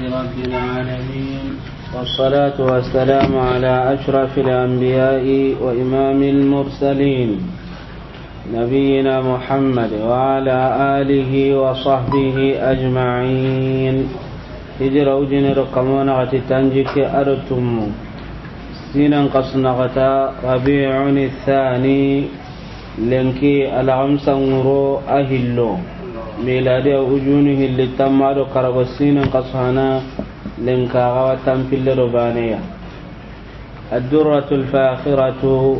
لله رب العالمين والصلاة والسلام على أشرف الأنبياء وإمام المرسلين نبينا محمد وعلى آله وصحبه أجمعين هجر أجن رقمون غتي تنجك أرتم سينا قصنا غتا ربيع الثاني لنكي العمس نورو أهلو ميلاد ujunihi littamma do karago قصانا لنكا غواتم في اللربانية الدرة الفاخرة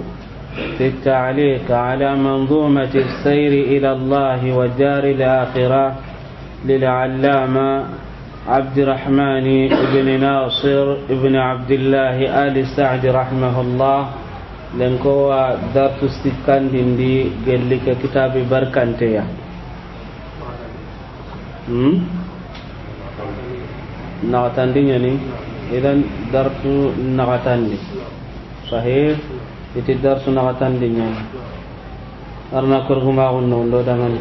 في التعليق على منظومة السير إلى الله والدار الآخرة للعلامة عبد الرحمن بن ناصر بن عبد الله آل سعد رحمه الله لنكوا دارت ستكان دي قال لك كتاب بركانتيا Hmm? naxatandi ñani idan darsu naxatandi sahih iti darsu naxatandi ñani arna korgumaxunnondo dangani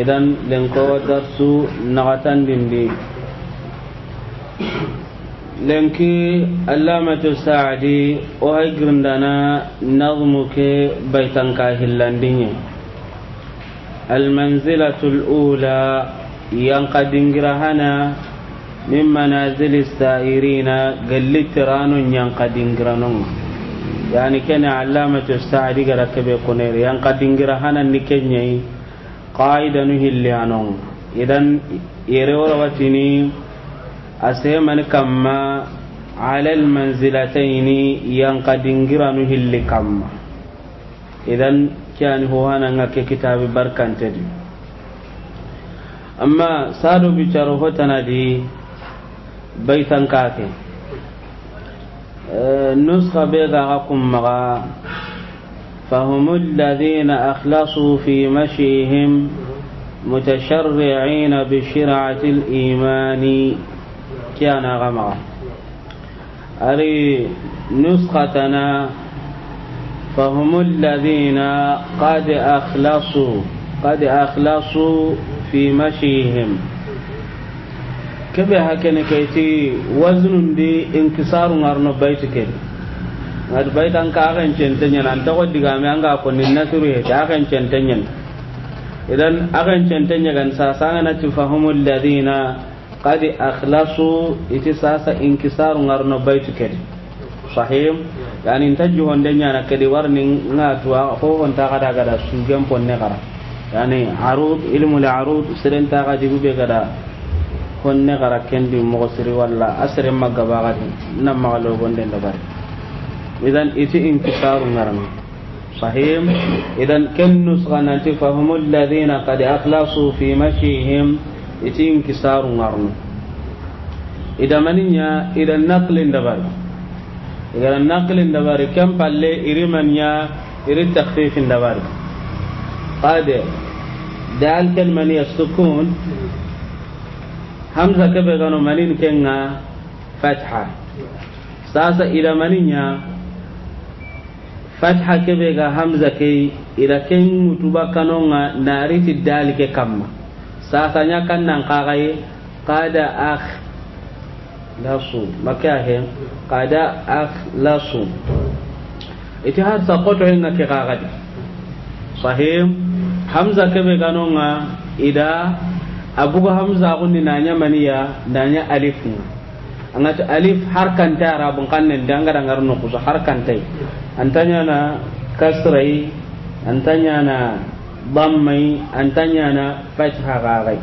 idan lenko darsu naxatandindi lenki allamatu saadi o baytanka المنزلة الأولى ينقد هنا من منازل السائرين قل تران ينقد يعني كان علامة الساعدي قد كبه قنير ينقد هنا نكني قاعدة نهي إذن يرور وتني أسيمن كما على المنزلتين ينقد نهي كما إذن kyani ho hananga ke kitabe barkantedi amma sado bicaro hotanadi baitan kake nuska be gaga kummaga فهم الذين أخلصوا في مشيهم متشرعين بشرعة الإيمان كان غمرا أري نسختنا فهم الذين قد أخلصوا قد أخلصوا في مشيهم كبه هكذا كيتي وزن دي انكسار نارنا بيتك ngad baita an ka kan centenya nan ta ko diga me an ko nin nasiru he ta kan centenya idan akan centenya gan sa sanga na qad akhlasu iti sasa inkisaru ngarno صحيح يعني انتجه عندنا انا كدي ورني ناتوا هو انت غدا غدا سجن بون نغرا يعني عروض علم العروض سرن تا غدي بي غدا كون نغرا كندي مغسر ولا اسر ما غبا غدي نما لو بون دين دبر اذا ايتي انتصار نرم صحيح اذا كن نسغن فهم الذين قد اخلصوا في مشيهم ايتي انكسار نرم اذا منين اذا نقل دبر igara naqlin dabari kan palle iri manya iri takhfifin dabari qade dal ken mani sukun hamza ke be gano manin kenga fatha sasa ila maninya fatha ke be ga hamza ke ira ken mutuba kanonga nariti dal ke kamma sasa nya kan nan qaqai qada akh lasu Lasu ita har itihad saqoto hinga ke gagadi sahim hamza be ganonga ida abugo hamza gunni nanya maniya nanya alif angata alif kan ta arabun kanne danga dangar no kusa harkan tai antanya na kasrai antanya na bammai antanya na fatha gagai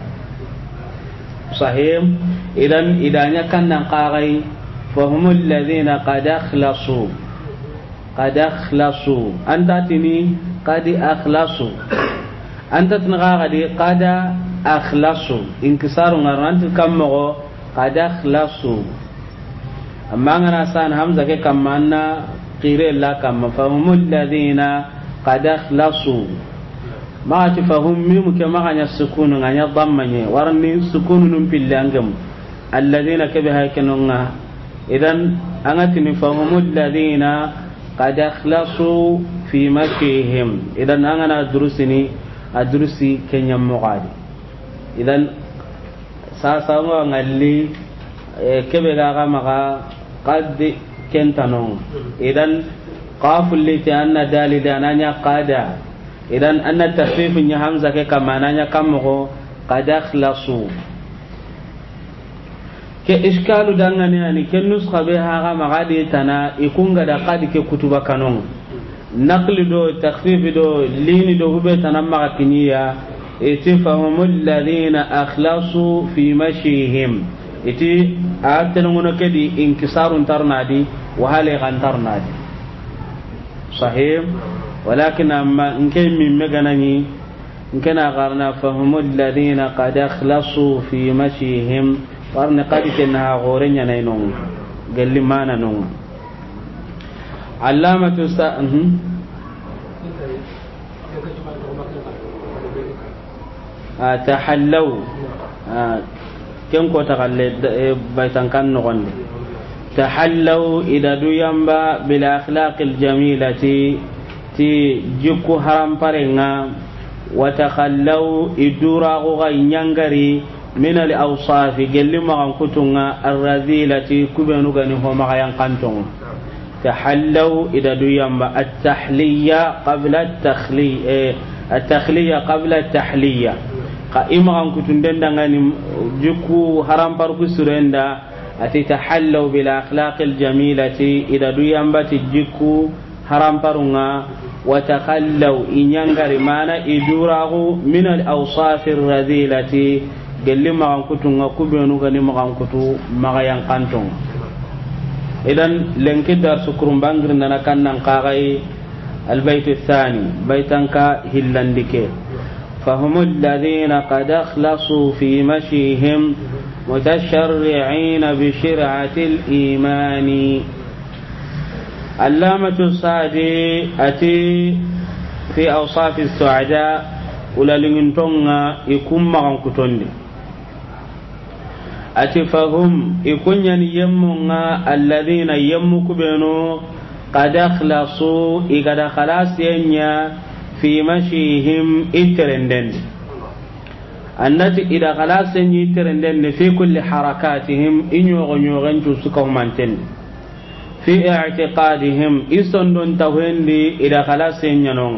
صحيح إذا إذا كان قاري فهم الذين قد أخلصوا قد أخلصوا أنت تني قد أخلصوا أنت تنغاري قد أخلصوا انكسار غير أنت كم قد أخلصوا أما أنا سان همزة كم أنا قيل لا كم فهم الذين قد أخلصوا maati fahum mim ke nya maganya sukunu nganya dammanye warni sukunu num pillangam alladheena kabe hakanunga idan angati ni fahum alladheena qad akhlasu fi makihim idan angana durusini adrusi kenya muqadi idan sasa ngo ngalli e, kebe ga ga maga qad kentanong idan qaful li ta anna dalida nanya qada idan anna tafifin ya hamza ke kamananya kammogo qad akhlasu ke iskalu dangane ani ke nuska be haga magadi tana ikunga da qadi ke kutuba kanon naqli do takhfifi do lini do hube tana maga kiniya iti fahumul ladina akhlasu fi mashihim iti atengono kedi inkisarun tarnadi wa hale gantarnadi sahih walakin amma nke min meganani nke na garna fahimu alladhina qad akhlasu fi mashihim warne qad kenna gorenya nay non galli mana non allamatu sa tahallaw ken ko tagalle baitan kan nogonde tahallaw idadu yamba bil akhlaqil jamilati ti jikku haramparenga watakallaw iduraxuxa ñangari min al awsafi gelli maxan kutunga kubenu arrazilati kubenugani homaxayan kantongo tahallaw idadu at-tahliya qabla at-takhli at eh, attahliya qabla at-tahliya ka imaxan kutunden dangani jikku haramparku surenda ati tahallaw bil akhlaqil akhlaqi aljamilati idadu yambati jikku haramparunga وتخلوا إن ينقر مانا إجوره من الأوصاف الرذيلة قال لما أنكتوا وكبينوا قال لما أنكتوا مغيان ينقنتم إذن لنك الدرس سكرم بانجر أنا كان ننقاغي البيت الثاني بيتنكا هلندك فهم الذين قد أخلصوا في مشيهم متشرعين بشرعة الإيمان اللامة السعدي أتي في أوصاف السعداء ولا لنتونغا يكون مغن كتوني أتي فهم يكون يمونغا الذين يمك بينو قد أخلصوا إذا خلاص ينيا في مشيهم إترندن التي إذا خلاص ينيا إترندن في كل حركاتهم إن يغنيوغن تسكهم أنتندن fi i'tiqadihim isondon tawendi ida khalas nyanon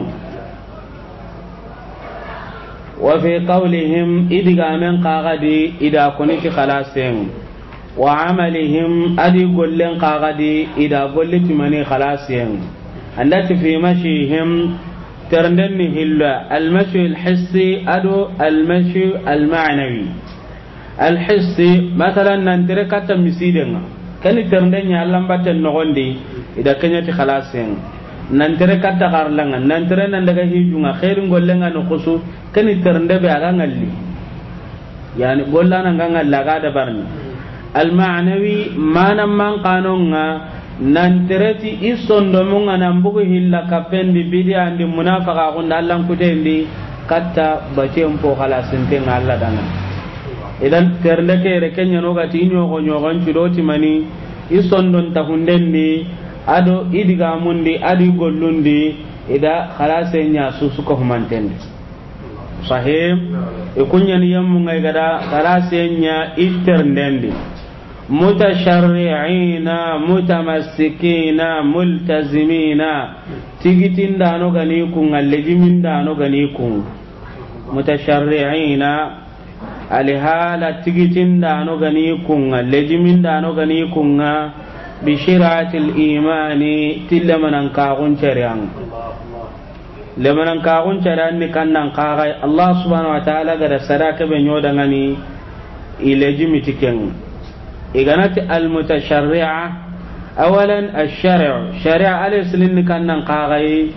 wa fi qawlihim idiga men qagadi ida kuniti khalasen wa amalihim adi gollen qagadi ida ti mani khalasen andati fi mashihim ternden hilla almashu alhissi adu almashu almaanawi alhissi mathalan nan tere katta misidenga kani ternde nya lambaten nogondi ida kenya ti khalasen nan tere la garlanga nan tere nan daga hijunga khairin gollenga no kusu kani ternde be aga ngalli yani gollana nga ngalla ga da barni al ma'nawi manan man qanonga nan tereti isondo munga ngana bugu hilla kapendi bidi andi munafaqa ta ba kutendi katta bacen po khalasen nga alla dana. idan terle kere kenya no ga tinyo go nyogon ci do ti mani don ta hunden ni ado idiga mundi adi gollundi ida khalase nya susu ko manten sahim e kunya ni yam ngai gada khalase nya ndendi mutasharri'ina mutamassikina multazimina tigitin dano gani kun allejimin dano gani kun mutasharri'ina alihala tigitin no gani kunga lejimin no gani kunga shiratil imani tilla manan le manan ka gun ceriyan ni kannan kagai allah subhanahu wa ta'ala gada sadaka be nyoda ngani ilejimi tiken iganati mutasharri'a awalan ash-shari' shari'a alislin ni kannan kagai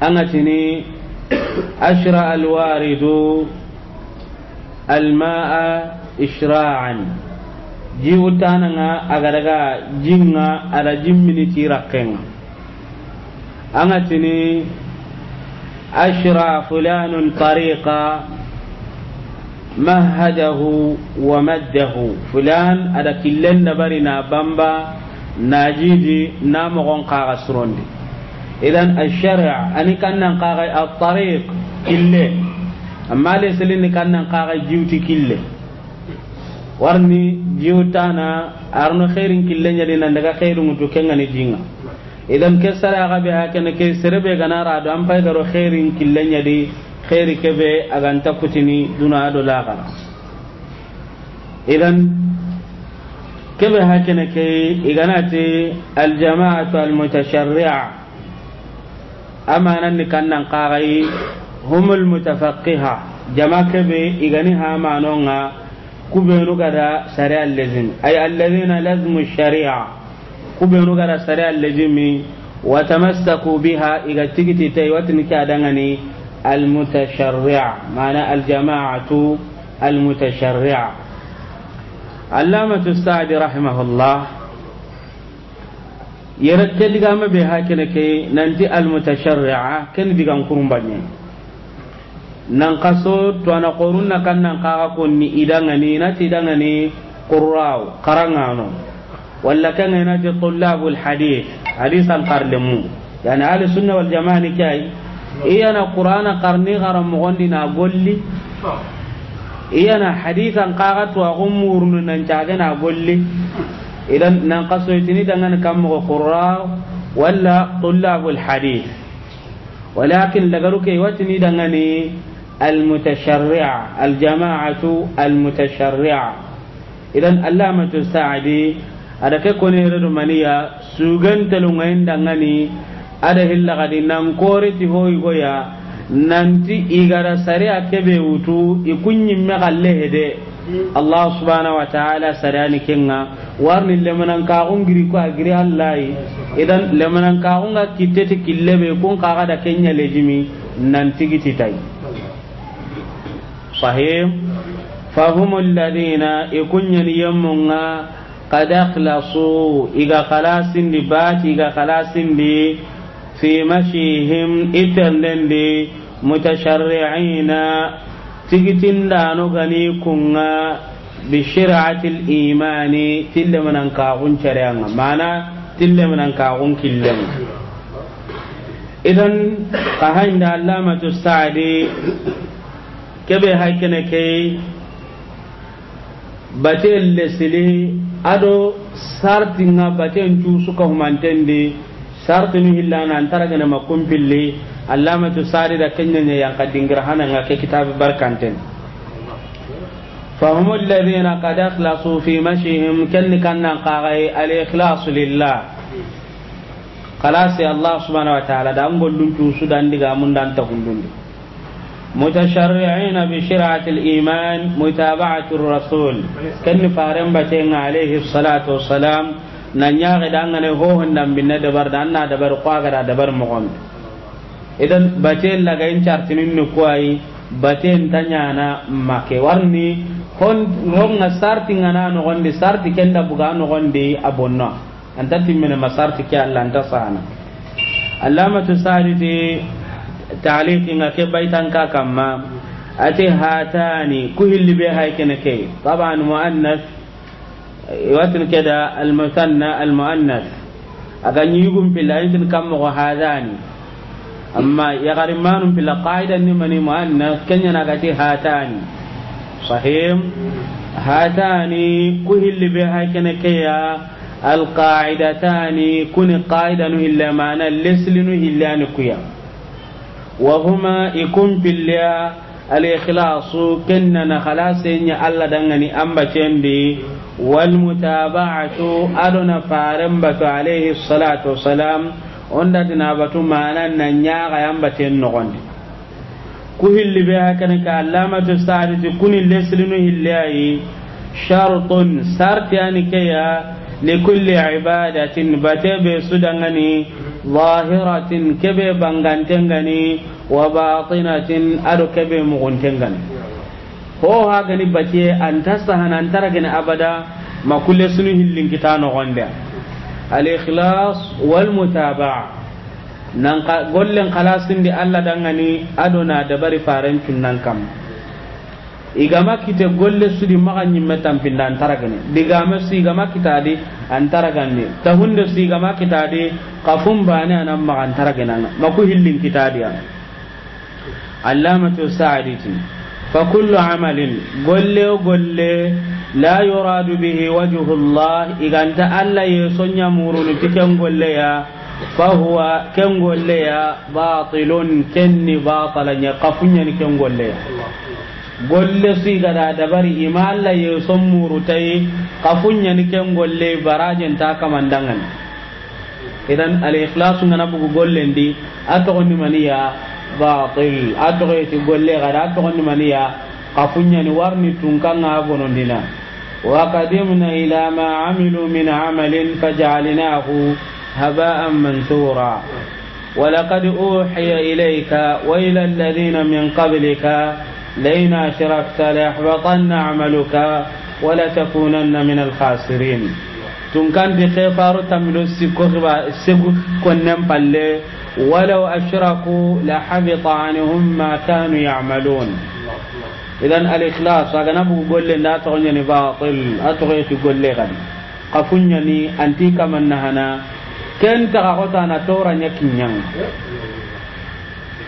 angatini ashra alwaridu الماء إشراعا جيو تاننا أغرغا جينا على جميني تيرقين أمتني أشرا فلان طريقا مهده ومده فلان على كل نبرنا بامبا ناجيدي نامغون قاغسروندي إذا الشرع أني كان نقاغي الطريق كله amma le selini kannan kaga jiwti kille warni jiwtana arno khairin kille nyali nan daga khairin to kengani jinga idan ke sara ga be ne ke serebe gana ra do am fay daro khairin kille nyali khairi be agan takutini duna do laga idan kebe hakene ke ti al jama'atu al mutasharri'a amanan ni kannan kagai humul mutafaqqiha jama kebe igani ha manonga kubenu kada sharia lazim ay alladhina lazmu sharia kubenu kada sharia lazimi wa tamassaku biha iga tigiti tay watin ka dangani al mutasharri'a mana al jama'atu al mutasharri'a allamatu sa'di rahimahullah yara ke diga ma be ke nanti al mutasharri'a ken diga ne. nan kaso to na qorun na kan nan ni idanga ni na tidangani qurrao no walla kan na ti tullabul hadith hadisan qarlemu yani ahli sunna wal jamaa ni kai iya na qur'ana qarni garam gondi na golli iya na hadisan ga to agumurun nan ga na golli idan nan kaso ni danga kan mo qurrao walla tullabul hadith walakin lagaruke watini dangani المتشرعة الجماعة المتشرعة إذا اللامة السعدي ada ke kone redo maniya sugante lungain dangani ada hilla gadi nan kore ti hoy goya nanti igara sariya kebe wutu ikunyi me galle hede allah subhanahu wa ta'ala sarani kenga warni lemanan ka ungiri ko agiri allah idan lemanan ka unga kitete killebe kun kaga da kenya lejimi nanti gititai صحيح فهم الذين يكون يمنا قد أخلصوا إذا خلاص لبات إذا خلاص لي في مشيهم إتلن لي متشرعين تجتن دانو غنيكونا بشرعة الإيمان تل من أنكاغون شرعنا معنى تل من أنكاغون كلنا إذن قهند علامة السعدي kebe haikene ke bate lesili ado sarti nga bate ncu suka humantendi sarti nu hillana antara gana makumpilli allamatu sari da kenya ne yang dingira hana nga ke kitab barkanten فهم الذين قد اخلصوا في مشيهم كن كان قاغي الاخلاص لله خلاص الله سبحانه وتعالى دان غولون تو سودان ديغا مون دان تاكوندون متشرعين بشرعة الإيمان متابعة الرسول كن فارم بتين عليه الصلاة والسلام نانيا نانياغي دانغني هوهن نم بنا دبر دانا دبر قاغرا دبر مغم إذن بتين لغين شارتنين نكواي بتين تنيانا مكي ورني هون هون سارتي غنا نغندي سارتي كندا بغا نغندي أبونا أنت تمنى مسارتي كي الله أنت صانا علامة سارتي taaliki nga ke baitan ka kamma ati hatani ku hilli be hay kene ke taban muannas watin keda al musanna al muannas aga ni yugum pilay tin kam ko hadani amma ya garimanu pila qaida ni mani muannas kenya na gati hatani sahim hatani ku hilli be hay kene ke ya al qaidatani kun qaidanu illa mana lislinu illa nikuya وهما يكون بالله الإخلاص كننا خلاص إن الله دعني أم بتندي والمتابعة أدنى فارنبة عليه الصلاة والسلام onda dina batu mana na nyaga yamba ten nogondi ku hilli be ka alamatu sa'adati kuni leslinu hillahi shartun sarti ani kaya li kulli ibadatin bate be sudangani zahiratin kebe banganten gani wa batinatin ado kebe mugunten gani ho ha gani bace an tasahana an taragani abada ma kulle sunu hillin kita no gonda al ikhlas wal mutaba'a nan gollen khalasindi Allah dangani adona dabari faran cunnan kam igama kite golle sudi maga nyimme tampinda antaragani digama si igama kitadi antaragani tahunde si igama kitadi kafum bane anan maga antaragana maku hillin kitadi allamatu sa'aditi fa kullu amalin golle golle laa yoraadu bihi wajhu allah iganta alla yesonya murunu tiken golle ya فهو كن قول ليا باطل كن باطلا يقفن كن golle yaa. golle sui gada dabari ima Allah ye son murutai kafunya ni ken golle barajen ta kamandangan idan al ikhlas ngana bugu golle ndi ato ni maniya batil ato ti golle gada ato ni maniya kafunya ni warni a bonondina wa qadimna ila ma amilu min amalin faj'alnahu haba'an mansura ولقد أوحي إليك وإلى الذين من قبلك لئن أشركت ليحبطن عملك ولتكونن من الخاسرين تنكن بخيفار تملو السكوخبا خبا سكو بالله ولو أشركوا لحبط عنهم ما كانوا يعملون إذن الإخلاص أنا بقول لا تغني باطل أتغيت يقول لي غني قفني أنتي كمن نهنا كنت غوتانا تورا نكنيان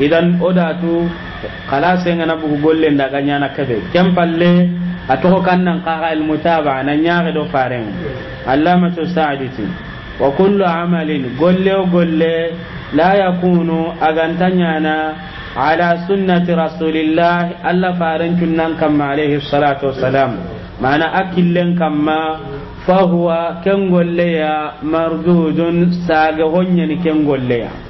إذن أداتو ko kala senga na bugu golle ndaga nyana kebe kem palle atoko kannan qaga al mutaba na nyaare do faren allama to sa'diti wa kullu amalin golle golle la yakunu agantanya na ala sunnati rasulillah alla faran kunnan kam alayhi salatu wassalam mana akillen kamma fahuwa ken golleya mardudun saga honyani kengolleya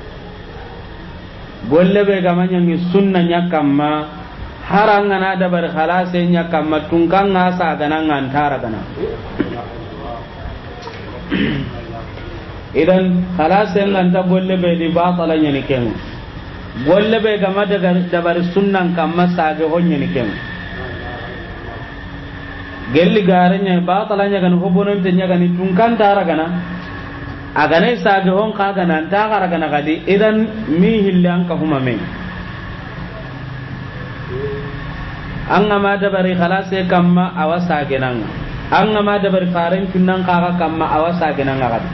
golle be gama nyangi sunna nyakamma haranga na dabar khalase nyakamma tungkanga sa gana ngantara gana idan khalase nganta golle be di batala nyani kengo golle be gama daga dabar sunnan kamma sage honye ni kengo gelli garanya batala nyagani hobononte nyagani tungkantara gana agana sage hon ka gana anta gara gana gadi idan mi hillan ka huma men an ga ma dabari khalas e kamma awa sage nan an ga ma dabari faran kinnan ka ga kamma awa sage nan gadi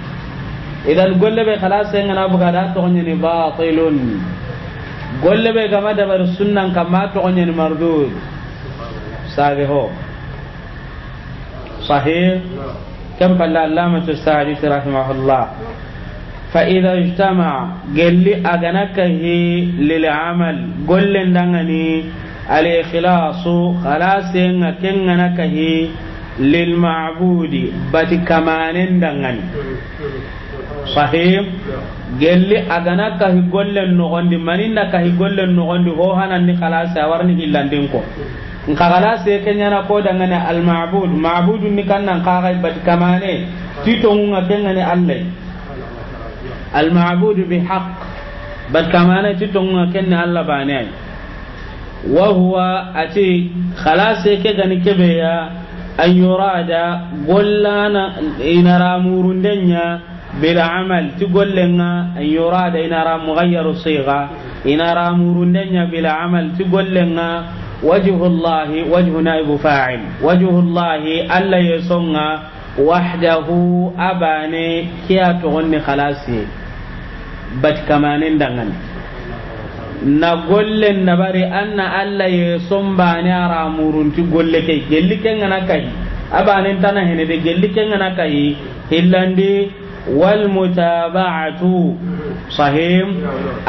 idan golle be khalas e ngana buga da to ni batilun golle be gama dabari sunnan kamma to ni mardud sage ho sahih كم فلا اللامة السادس رحمه الله فإذا اجتمع قل لي أغنكه للعمل قل لندغني الإخلاص خلاص أغنكه للمعبود بات كمان دغني صحيح قل لي أغنكه قل لنغني من إنكه قل لنغني هو هنا خلاص أورني إلا دينكو nkagala ngane al almabud maabudu ni kanna nkaxay bat kamane ti tongunga al allay bi bihaq bat kamane ti tongunga kenni allah bane ay wa huwa ati khala ke gani ya an yurada gollana bil amal ti gollenga an yurada inara mugayaru murundenya bil amal ti gollenga وجه الله وجه نائب فاعل وجه الله ألا يسمى وحده أباني كيا تغني خلاصي بات كمانين دغن نقول النبري أن ألا يسمى باني أرامورون تقول لك جلي كنغنا كي أباني هنا دي جلي كنغنا كي هلاندي والمتابعة صحيح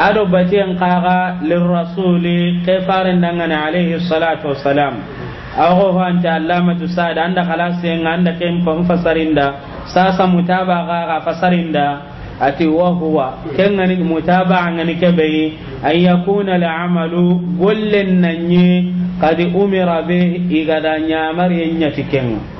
أربتين قاغا للرسول salatu عليه الصلاة والسلام ago ho anta allamatu sa'ad anda khalas en anda kem ko fasarinda sasa mutaba ga ga fasarinda ati wa huwa ken ngani mutaba ngani kebe ay yakuna al amalu gollen nanyi qad umira be igadanya mari yenya tikenga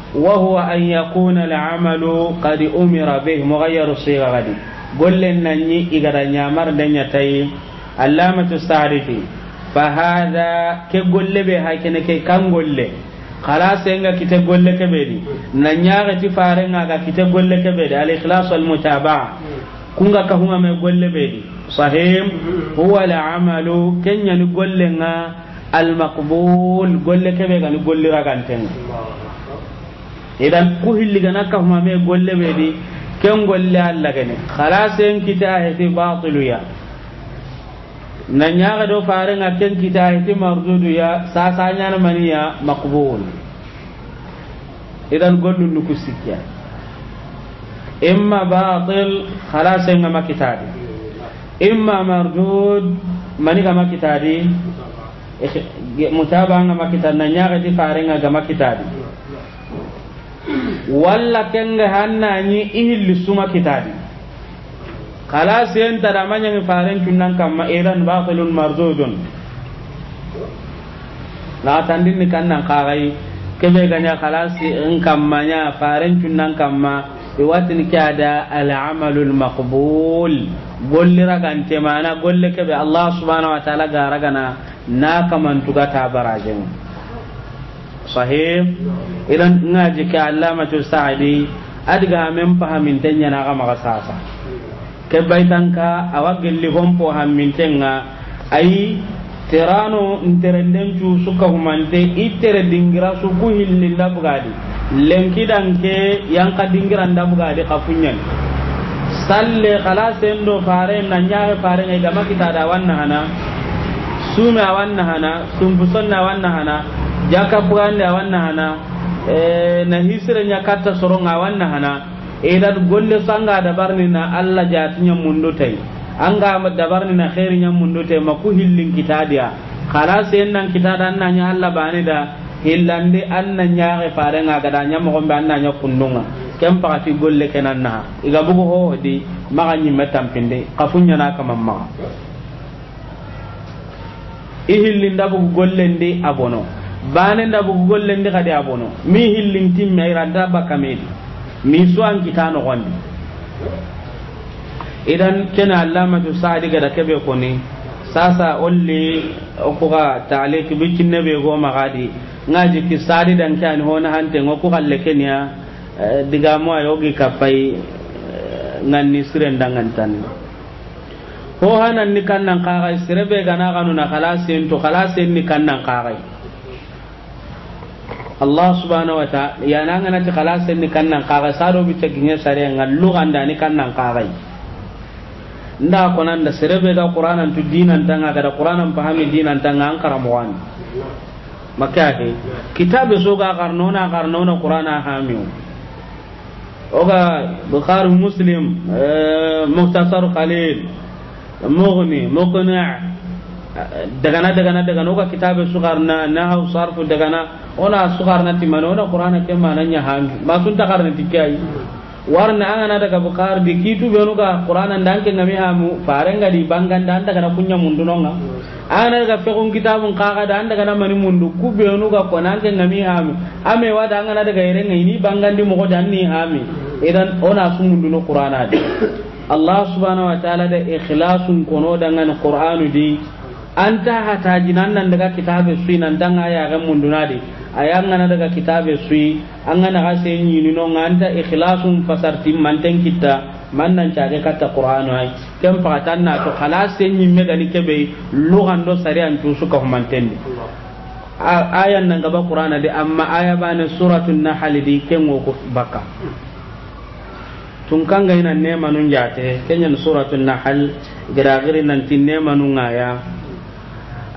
وهو أن يكون العمل قد أمر به مغير الصيغة غدي قل لنا لنني إذا نعمر دنيتي اللامة استعرفي فهذا كقول كقل بها كنكي كم قل خلاص ينغا إنك كتب قل كبيري ننياغ تفارنغا قول لك بدي الإخلاص والمتابعة kunga كهما ما قول golle bedi sahim huwa al'amalu kenya ni golle nga al maqbul golle kebe ga idan ku hilligana kahuma me golle ɓe di ken golle allah kene kita na ñaga do farenga ken kita a heti marduduya idan imma batil makitadi imma makitadi ga makitadi walla kenga hanna ni ihilli suma kitadi khalas yen tada manya ni faren kamma iran batilun marzudun na tandin ni kannan kagai kebe ganya khalas in kammanya faren cunnan kamma iwatin kada al'amalul maqbul golli ragante mana golle kebe allah subhanahu wa ta'ala ga ragana na kamantuga sahih idan ngaji ke allamatu sa'di adga men pahamin tenya na ga maga sasa ke baitanka awagilli hompo hammintenga ayi terano ntere cu suka humante i tere dingira suku hilli dabugadi lenkidanke yanka dingiran dabugadi kafunyani salle kala sendo fare na nyaare fare ngai gama kita da wanna hana sume wanna hana sumbusonna wanna hana jaka bugande awanna hana e, na hisire nya katta soronga awanna hana san golle sanga ni na allah jatinya mundu tai anga ni na khairinya mundu tai maku hillin kitadia khalas ennan kitada annanya allah bani da hillande anna nyaare nga gada nya mo gombe anna nya kundunga kem pakati golle kenan na iga bugo ho di maga nyimme kafun kafunya na kamamma bugo bugu ndi abono banen da bu golle ndi kadi abono mi hillin timme ira da baka mi so an kita gondi idan kana alamatu sa'di ga da kebe ko ne sasa olli ko ga ta'liq bi kinne be go magadi ngaji ki sa'di dan kan hono hante ngo ko halle kenya eh, diga mo ayogi kapai eh, ni siren dangan tan ho hanan ni kannan kaga sirebe gana kanu na khalasin to khalasin ni kannan kaga allah subhanahu wa ta'ala nan ana ci khalasin ni kannan kaga saro bi ya sare lugan da ni kannan kaga nda ko nan da serebe da qur'anan tu dinan tanga da qur'anan pahami dinan tanga an karamo wani makka he kitabe so ga garnona garnona qur'ana hamiu oga bukhari muslim eh, muhtasar khalil mughni muqni' dagana dagana dagana oga kitabe sugarna na haw sarfu dagana ona sugarna timana ona qur'ana ke mananya hangi masun ta karna tikai warna angana daga bukar di kitu benu ga qur'ana ndanke ngami hamu farenga di bangan dan daga kunya mundunonga angana daga fekon kitabun kaga dan daga na mani mundu ku benu ga konanke ngami hamu ame wada angana daga irenga ini bangan di mogo dan ni hami idan ona mundu sumunduno qur'ana di allah subhanahu wa ta'ala da ikhlasun kono dangan qur'anu di anta jinan nan daga kitabe sui nan danga ya ga de aya ngana daga kitabe sui an ngana ga sen yini no nganta ikhlasun fasartim manten kita man nan caage kata qur'an ai kem fatan na to khalas sen me gani kebe lugan do sari an tusu ka manten aya nan gaba qur'ana de amma aya bana suratul nahl di ken wo ko baka tun kan ga ina ne manun jate kenyan suratul nahl gira girin nan tin ne manun aya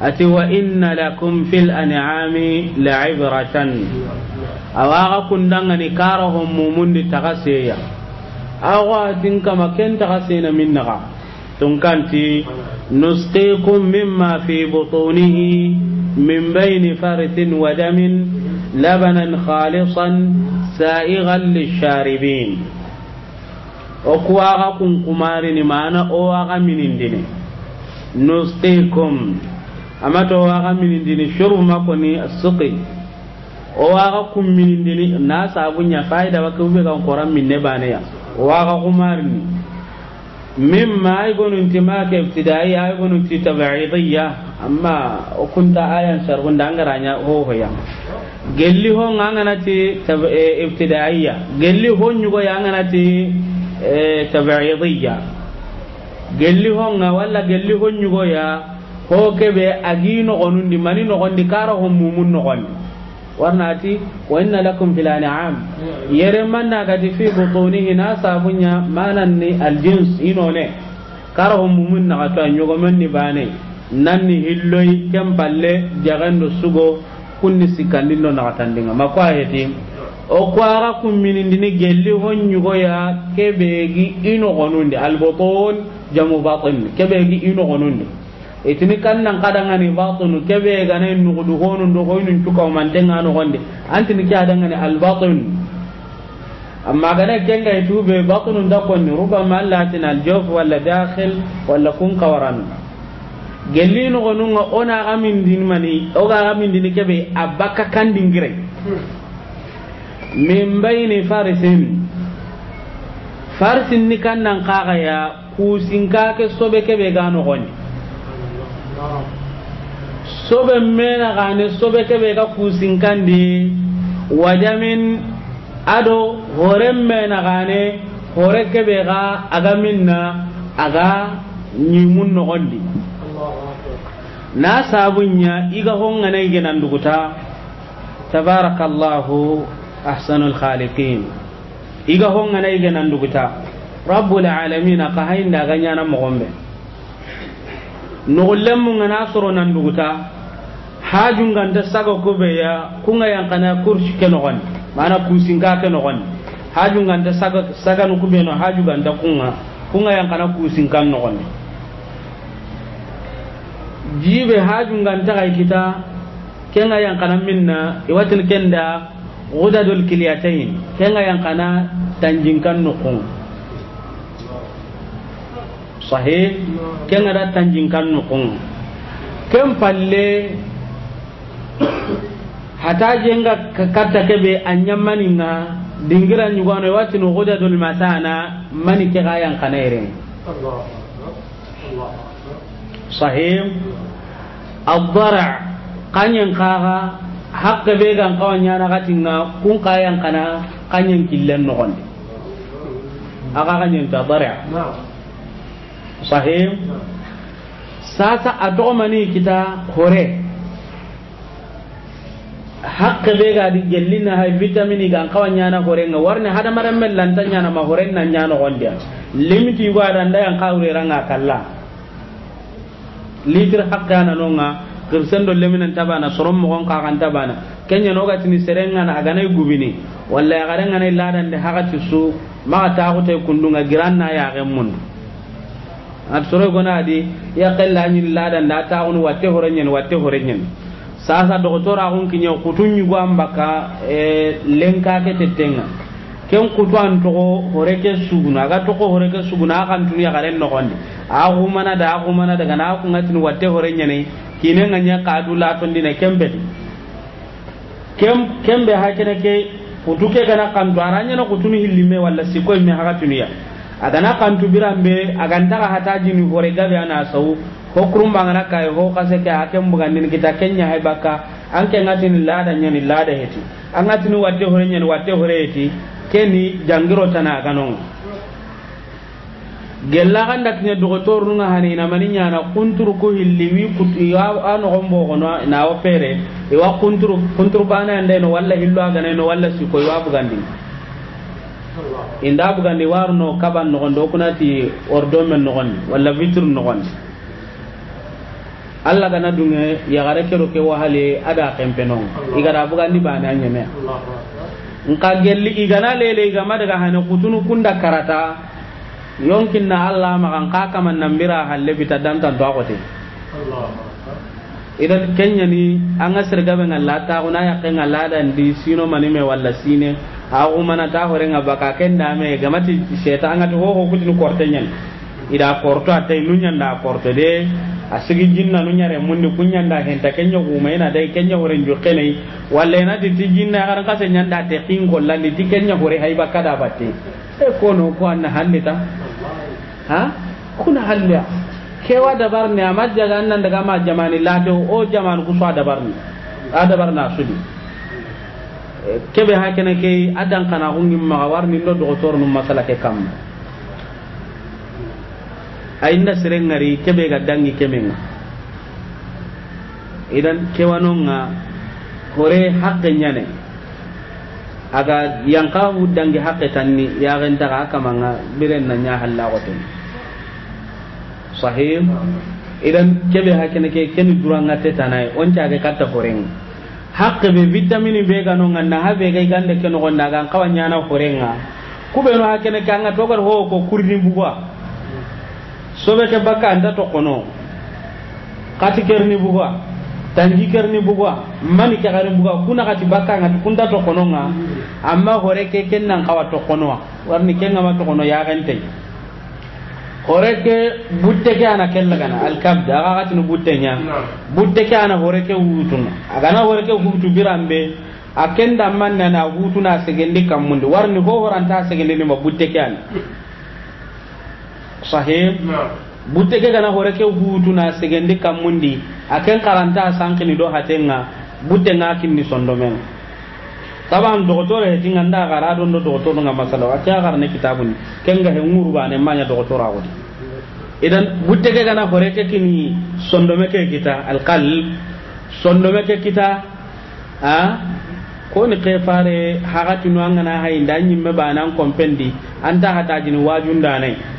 ati wa inna lakum fil an'ami la'ibratan awaga kundanga ni kara mumundi tagaseya awa din kama ken tagasena minnaga tun kanti nusqikum mimma fi butunihi min bayni farthin wa damin labanan khalisan sa'igan lisharibin o kuwaga kunkumarini mana o waga minindini nusqikum amma to wa ga minindini shurbu ma ko ni asuqi o wa ga kum minindini na sabunya faida wa ko be kan koran min ne bane ya wa ga kumarni mimma ay gonu intima ke ibtidai ay gonu ti tabaidiyya amma o kunta ayan sharhun dangaranya ho ho ya gelli ho nganganati e, ibtidaiya gelli ho nyugo ya nganati e, tabaidiyya gelli ho nga walla gelli ho nyugo ya ho kebe agi nogonundi mani nogondi kara ho mumun nogondi warnati wa inna lakum fil an'am yere manna gati fi butunihi na sabunya mananni al jins inone kara ho mun na gato anyogo ni bane nanni hilloi kem palle jagando sugo kunni sikandino na dinga. ma makwa heti o kwara kumminindini gelli hon ñugoya keɓeegi i nogonundi albotol jamu batin gi i nogonundi itini kannan kadangani batinu kebe gane nugudu honu ndo hoynu cukaw mantenga no gonde antini ke adangani al batin amma gane kenga itu be batinu da konni rubama alla tin al jof wala dakhil wala kun qawran gelli no nga ona amin din mani o ga amin din kebe abaka gire min bayni farisin farsin ni kannan kaga ya kusin kake sobe kebe gano no gonde sobe mena gane sobe kebe ka kusinkandi wajamin ado hore mena gane hore kebe aga minna aga nyimun nogondi na sabunya iga hongana igena nduguta tabarakallahu ahsanul khaliqin iga hongana igena nduguta rabbul alamin ka hainda ganya na mogombe nogullenmu ngana soro nan duguta haju ganta saga kubeya kunga yankana kursi ke nogoni mana kusinka ke nogoni haju ganta saga saga nu kubeno haju ganta kunga kunga yankana kusinkan nogoni jibe haju ganta kai kita kenga yankana minna iwatin kenda ghudadul kiliyatayn kenga yankana tanjinkan nukunga Sahim, ken ada tanjin kan no kon ken palle hata jenga katta kebe anyamani nga dingira nyugano wati no goda dol mani ke gayan kanere Allah Allah sahih الضرع kanyen kaga hakka be gan kawan yana katinga kun kayan kana kanyen killen no gonde aga kanyen sahim sasa a dogomani kita hore hakke be ga di gellina hay vitamini ga kawa nyana hore nga warne hada maran mel lanta nyana ma hore na nyana gondia limiti wa dan da yan kawre ran kalla litir hakka na nonga kirsendo leminan tabana sorom mo gonka kan tabana kenya no ga tini serenga na aga nay gubini walla ya garenga nay ladan de hakati su ma ta hote kundunga giranna ya gemmun at soro gona di ya qalla ni lada nda ta on watte horenyen watte horenyen sasa dogotora gon kinyo kutun yugo ambaka e lenka ke tetenga ken kutu an togo horeke suguna aga togo horeke suguna akan tun ya garen no a agu mana da a agu mana daga na ku ngatin watte horenya ne kinen nganya du la ton dine kembe kem kembe kene ke kutuke kana kan duaranya aranya no kutun hillime walla sikoy me haka tuniya agana kantu birambe agantara hatajini hore gabe ana sawu ko kurumba ngana kai ho kase ke akem bugandin kita kenya hay baka ngati ni lada nyani lada heti an ni wadde hore nyani wadde hore heti keni jangiro tana ganon gella ganda tinya dogotor nunga hani na mani nyana kuntur ko hilli wi kut ya ano gombo gono na opere wa kuntur kuntur bana ande no walla hillo ne no walla ko wa bugandin inda ni warno kaban nogondi wo kunati ordomen nogondi walla vitre nogondi allah gana ya gare kero ke wahale ada kempenonga igada buga ni bana ñemea nka gelli igana lele igama daga hane kutunu kunda karata yonkin na ma kan ka kaman nambira halle bita tan a kote idan kenyani an asirga sirgabe alla ta kuna yakke ngalla dan di sino manime wala sine ha umana ta hore nga baka ken da me gamati seta anga to ho kutin korte nyen ida korto atay nyen da korto de asigi jinna nyare re ku kunya da ta kenya me na dai kenya hore nju kenai walla na ti jinna gar kase nyan da te kin ko landi ti kenya hore hay baka da batte e ko no ko an hallita ha kuna halya kewa dabar ne amma jaga nan daga ma jamani lado o jaman ku so dabar ne a dabar na sudi kebe ha kene ke adan kana hungi ma war ni ndo doktor num masala ke kam ainda serengari kebe ga dangi kemenga idan kewanonga hore hakke nyane aga yang ka dangi hakke tanni ya genta ka kamanga biren na nya halla goten sahih idan kebe ha kene ke keni duranga tetanai onta ga katta horenga haqqe be vitamini be ga no nganda ha be ga igande ke no gonda ga kawa nyana horenga no hakene kanga togar ho ko kurni bugwa sobe ke baka anda to kono kati kerni bugwa tanji kerni bugwa mani ke garin bugwa kuna kati baka ngati kunda to kono nga amma hore ke kennan kawa to kono warni kenga ma to kono ya gante horeke butte ke ana kella kana alkabda aga buteke butte nya butte ke ana horeke wutuna agana horeke hutu birambe akenda manna na hutuna segendi kamunde warni ho horanta segendi ni mabutte ke ana sahib butte ke kana horeke hutuna segendi a ken karanta sankini do hatenga butte ngakin ni sondomen taban doktor he tinga nda gara don do doktor nga masala wa kya ne kitabun kenga he nguru bane manya doktor a wodi idan butte ke gana hore ke kini sondome ke kita alqal sondome ke kita a ko ni ke fare hagati no angana hay nda nyimme bana an kompendi anta hata jini wajun danai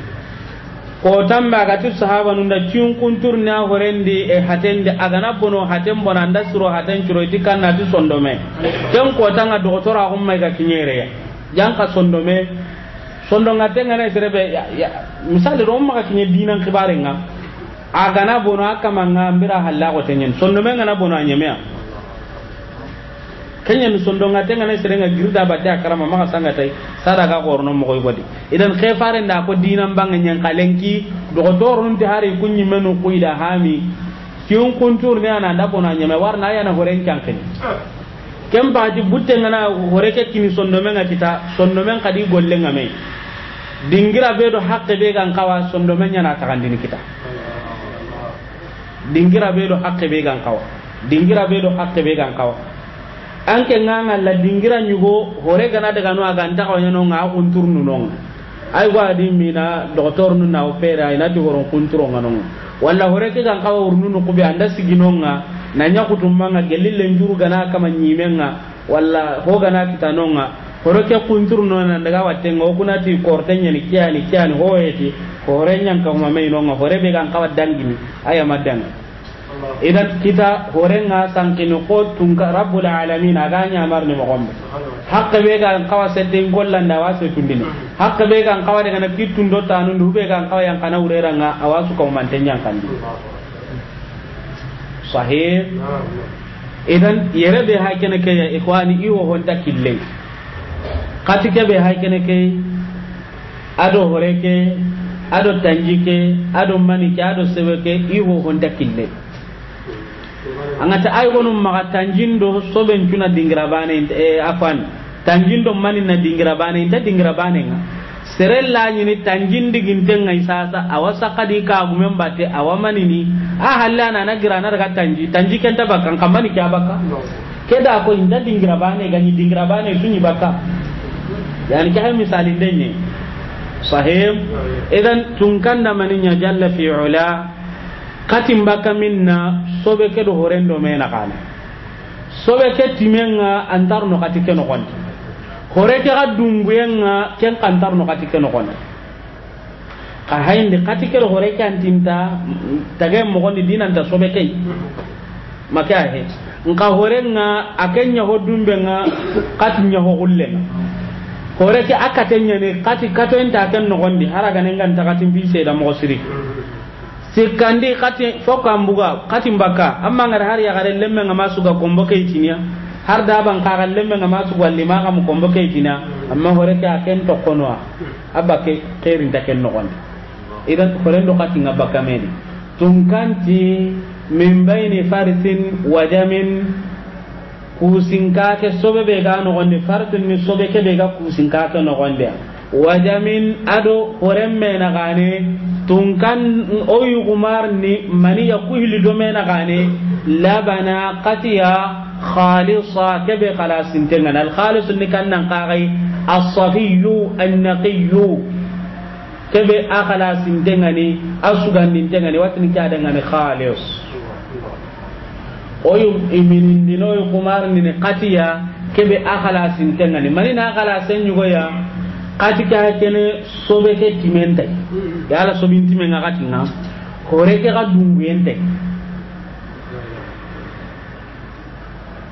kotambe agati sahaba nunda cinkuntur a horendi e agana bono haten bono anda haten curo iti sondome ken ga sondome sondonga serebe misali rom dinan agana bono mbira halla sondome ngana bono kanya mi sondo ngate ngana serenga girda sanga tay sada ga sadaka korno mo koy godi idan khefare nda ko dinan bangen nyen kalenki do dorun ti hari kunni menu kuida hami kiun kuntur ne ana nda bona nyame na yana horen kankin kem baati butte ngana ke kini sondo men kita sondo men kadi golle ngame dingira be do hakke be gan kawa sondo men yana takandini kita dingira be do hakke be gan kawa dingira be do hakke be gan kawa an anke ng'a la dingira nyugo hore gana daga no aga nda ko nyano nga kun turnu non ay wa di mina doktor nu na opera ina di goron kun turo ngano walla hore ke gan kawa urnu no kubi anda siginonga na nya ma nga gelille njuru gana kama nyimenga walla ho gana kitanonga hore ke kun turnu na daga watte ngo kuna ti korte nyani kiyani kiyani hoyeti hore nyang kama mai nonga hore be gan kawa dangini aya madanga idat kita nga sankini ko tunka rabbul alamin aga ñamarni mogonɓe hakke ɓe gan kawa seddin gollanda awa setundini hakke ɓe gan kawa degana kittundo tanundi huɓe gan kawa yankana wureranga awa sukaumante ñankandi sahih idan yere ɓe ha kene keya ihwani iwo honta killey kati keɓe ha kene key aɗo horeke aɗo tanjike ado manike ke seweke iwo honta killey Anga angata ay gonum maga tanjindo soben cuna dingira bane e afan tanjindo mani na dingira bane ta dingira bane nga serella nyini digin te ngai sasa awasa kadi ka gumen bate awamani ni a ah, halla na na gira na daga tanji tanji kenta bakan kamani kya baka keda ko inda dingira bane ga ni dingira bane sunyi baka yani ka misali denye sahib idan tunkan da maninya jalla fi ula katin baka min na sobe ke do horen do mena kana sobe ke timenga antar no kati ke no kwanti hore ke gadungu yenga ken kantar no kati ke no kwanti ka hayndi kati ke hore ke antinta tage mo gondi dinan ta sobe ke make a he nka horenga a ken nyaho dumbe nga kati nyaho gulle hore ke akaten nyane kati kato enta ken no kwanti haraga nenga ntakati mbise da mo siri sikkandi kati foko ambuga kati mbaka amma ngar har ya gare lemme ngama suga kombo kay tinya har da ban ka gare lemme ngama suga lima kam kombo kay tinya amma hore ka aken to kono abba ke khairin ta ken no idan hore ndo kati ngabaka medi tunkanti min baini farisin wa jamin kusinka ke sobe be ga no gonde farisin ni sobe ke be ga kusinka ke no gonde wa jamin ado hore me na gane tun kan o yugumar ni mani ya kuhili domena gane labana qatiya khalisa kebe khalasin tengan al khalis ni kan nan qagai as-safiyu an-naqiyu kebe a khalasin tengani asugan ni tengani watni ka dangane khalis o yu iminin dino kumar ni katiya kebe a khalasin tengani mani na khalasen yugo ya kati ka kene sobe ke timente tay hmm. yala sobin timen ga na kore ke ga dunguyen tay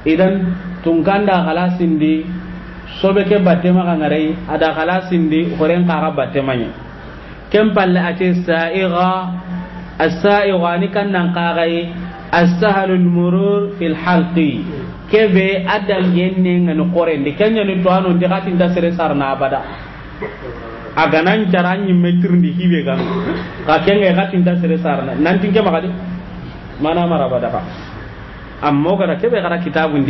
idan tunkanda halasindi sobe ke batema ga ngarai ada halasindi horen ka ga nya kem palle ate sa'iga as-sa'iga ni kannan ka ga as sahalul murur fil halqi kebe adan yenne ngani kore ndi kenya to anon de katin da sere sarna abada aga nan cara an hibe ka ka tinta sere sarna nan tinke mana amma kebe gara kitabun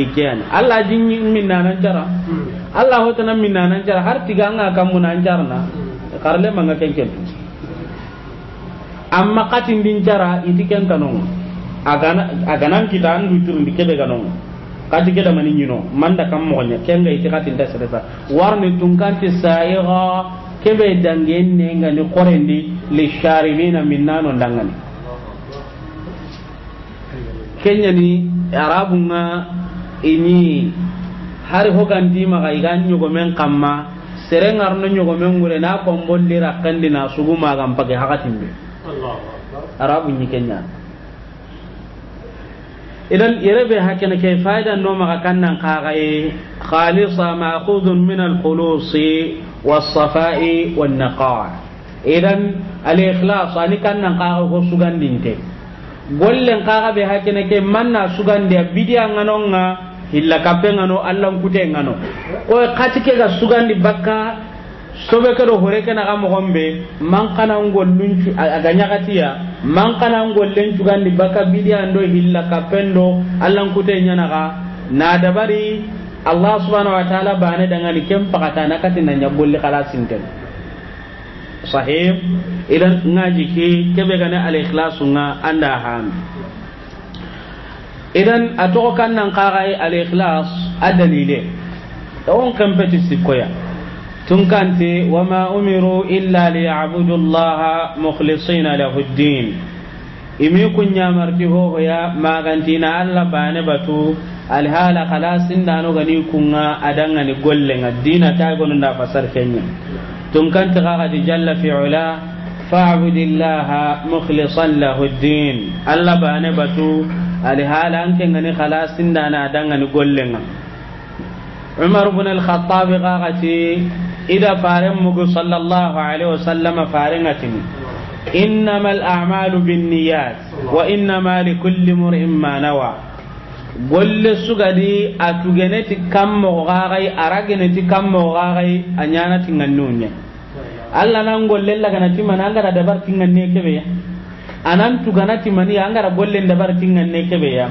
Allah jin min nan cara Allah hota nan min nan cara har tiga mun nan karle kenken amma katin din cara itiken nan du tirindi kebe kanong kati geda mani nyino manda kam mo kenga kenga kati nda seresa warni tunkanti sa'iga kebe dangen ne ni korendi li sharibina minna non dangani kenya ni arabu nga ini hari ma maga igan nyugo men kamma sere ngarno nyugo men ngure na kombol dira kandi na suguma gam pake hakatimbe arabu nyi kenya idan hake ne kai faida no maga kannan kagaye khalisa ma'khudun min al-khulusi was-safa'i wan-naqa'a idan al-ikhlas ani kannan kaga ko te gollen kaga be hakene ke manna sugande bidiya nganonga illa kappe ngano allan kute ngano ko katike ga sugandi bakka sobe ke do hore ke na ga mo gombe man kana ngol lunci aganya katia man kana gollen cugandi baka bidiya do hilla ka do allan kute ñanaga na dabari allah subhanahu wa ta'ala bane ni ken pakata nakati na ñaggolli kala sinten sahib idan ngaji ke kebe gane al ikhlas nga anda hami idan a kan nan kaxaye al ikhlas adalile. dalile on kempeti koya tunkanti ma umiru illa li liyabudu llaha mukhlisina lahu ddin imi kunya marti ho kunyamarti hohoya magantina allah bane batu alhala kala no gani kunga golle ngadina ta gonu nda fasar kenya tunkanti hadi jalla fi ula fa'budillaha mukhlisan lahu ddin allah bane batu alhala ankengani kala sindana adangani gollenga umar ibn bn alkhatabi kakati ida faren mugu sallallahu alaihi wasallam faren atini innama al'amalu binniyat wa innama likulli mur'in ma waa. golle sugadi atugeneti kammo gagai arageneti kammo gagai anyana tingannunya alla nan golle la ganati man angara dabar tinganne kebe ya anan tuganati mani angara golle dabar tinganne kebe ya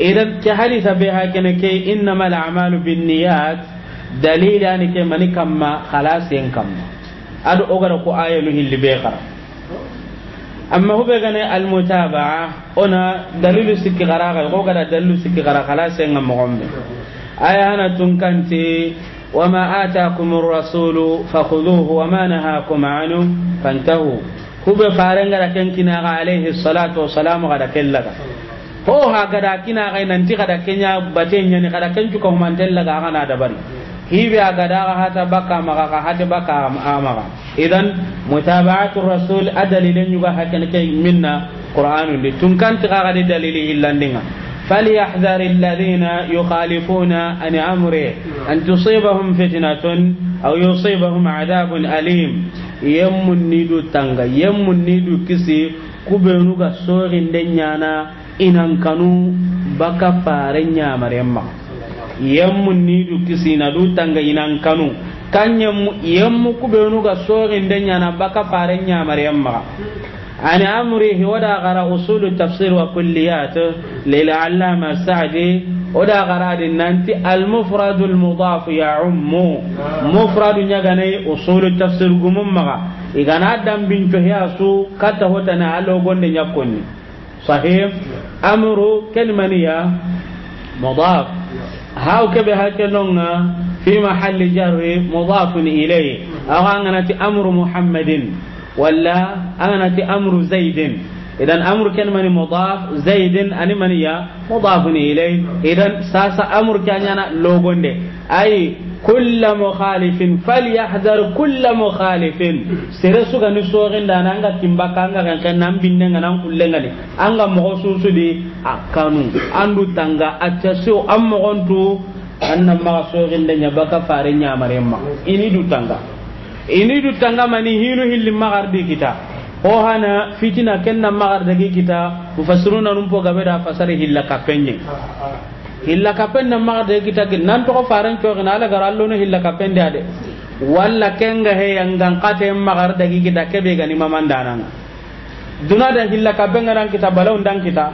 idan ke hadisa be hakene ke innamal a'malu binniyat dalili ni ke mani kamma khalasin kamma adu ogara ko ayalu hin libekar amma hube gane almutabaa ona dalilu sikki gara ko gara dalilu sikki gara khalasin ngam gombe aya ana tunkanti wama atakum ar-rasulu fakhuduhu wama nahakum anhu fantahu hube faran gara ken kina ga alaihi salatu wassalamu gara kellaga ho ha gara kina ga nan ti gara kenya batenya ni gara kencu ko mantella ga ana bari. hibe a gada ka hata baka maka ka hata baka amara idan mutaba'atu rasul a dalilin yu ga kai minna qur'anu de tun kan ta ga da dalili illandinga falyahdhar alladhina yukhalifuna an amri an tusibahum fitnatun aw yusibahum alim yammun nidu tanga yammun nidu kisi kubenu ga sorin denyana inan kanu baka fare maryamma yammu ni du kisi du tanga inan kanu kan yammu yammu ku be ga sorin den yana baka fare nya maryam ma ani amri hi wada gara usul tafsir wa kulliyat lil allama sa'di wada gara din nanti al mufradul mudaf ya ummu mufradu nya gane usul tafsir gumum ma igana dam bin to ya su kata hota na alo gonde nya konni sahih amru kalmaniya mudaf هاو كبه هكذا في محل جر مضاف إليه أو أنت أمر محمد ولا أنت أمر زيد إذا أمر كلمة مضاف زيد أني من مضاف إليه إذا ساس أمر كان لوغوندي أي kulla mukhalifin falyahdhar kulla mukhalifin sere suga ni sogin da nan ga kimbaka an ga kan nan binne ga nan kulle ngale an ga mo susu di akanu du tanga acca so am mo gontu anna ma sogin da nyabaka fare nyamare ma ini du tanga ini du tanga mani hinu hilli magardi kita o hana fitina kenna magardi kita mufassiruna numpo gabe da fasari hilla kapenye hilla kapen na ma de kita ke nan to faran na ala gar allo hilla kapen da de walla kenga he yangan kate magar da kita ke gani mamandanan duna da hilla kapen ngaran kita balau ndang kita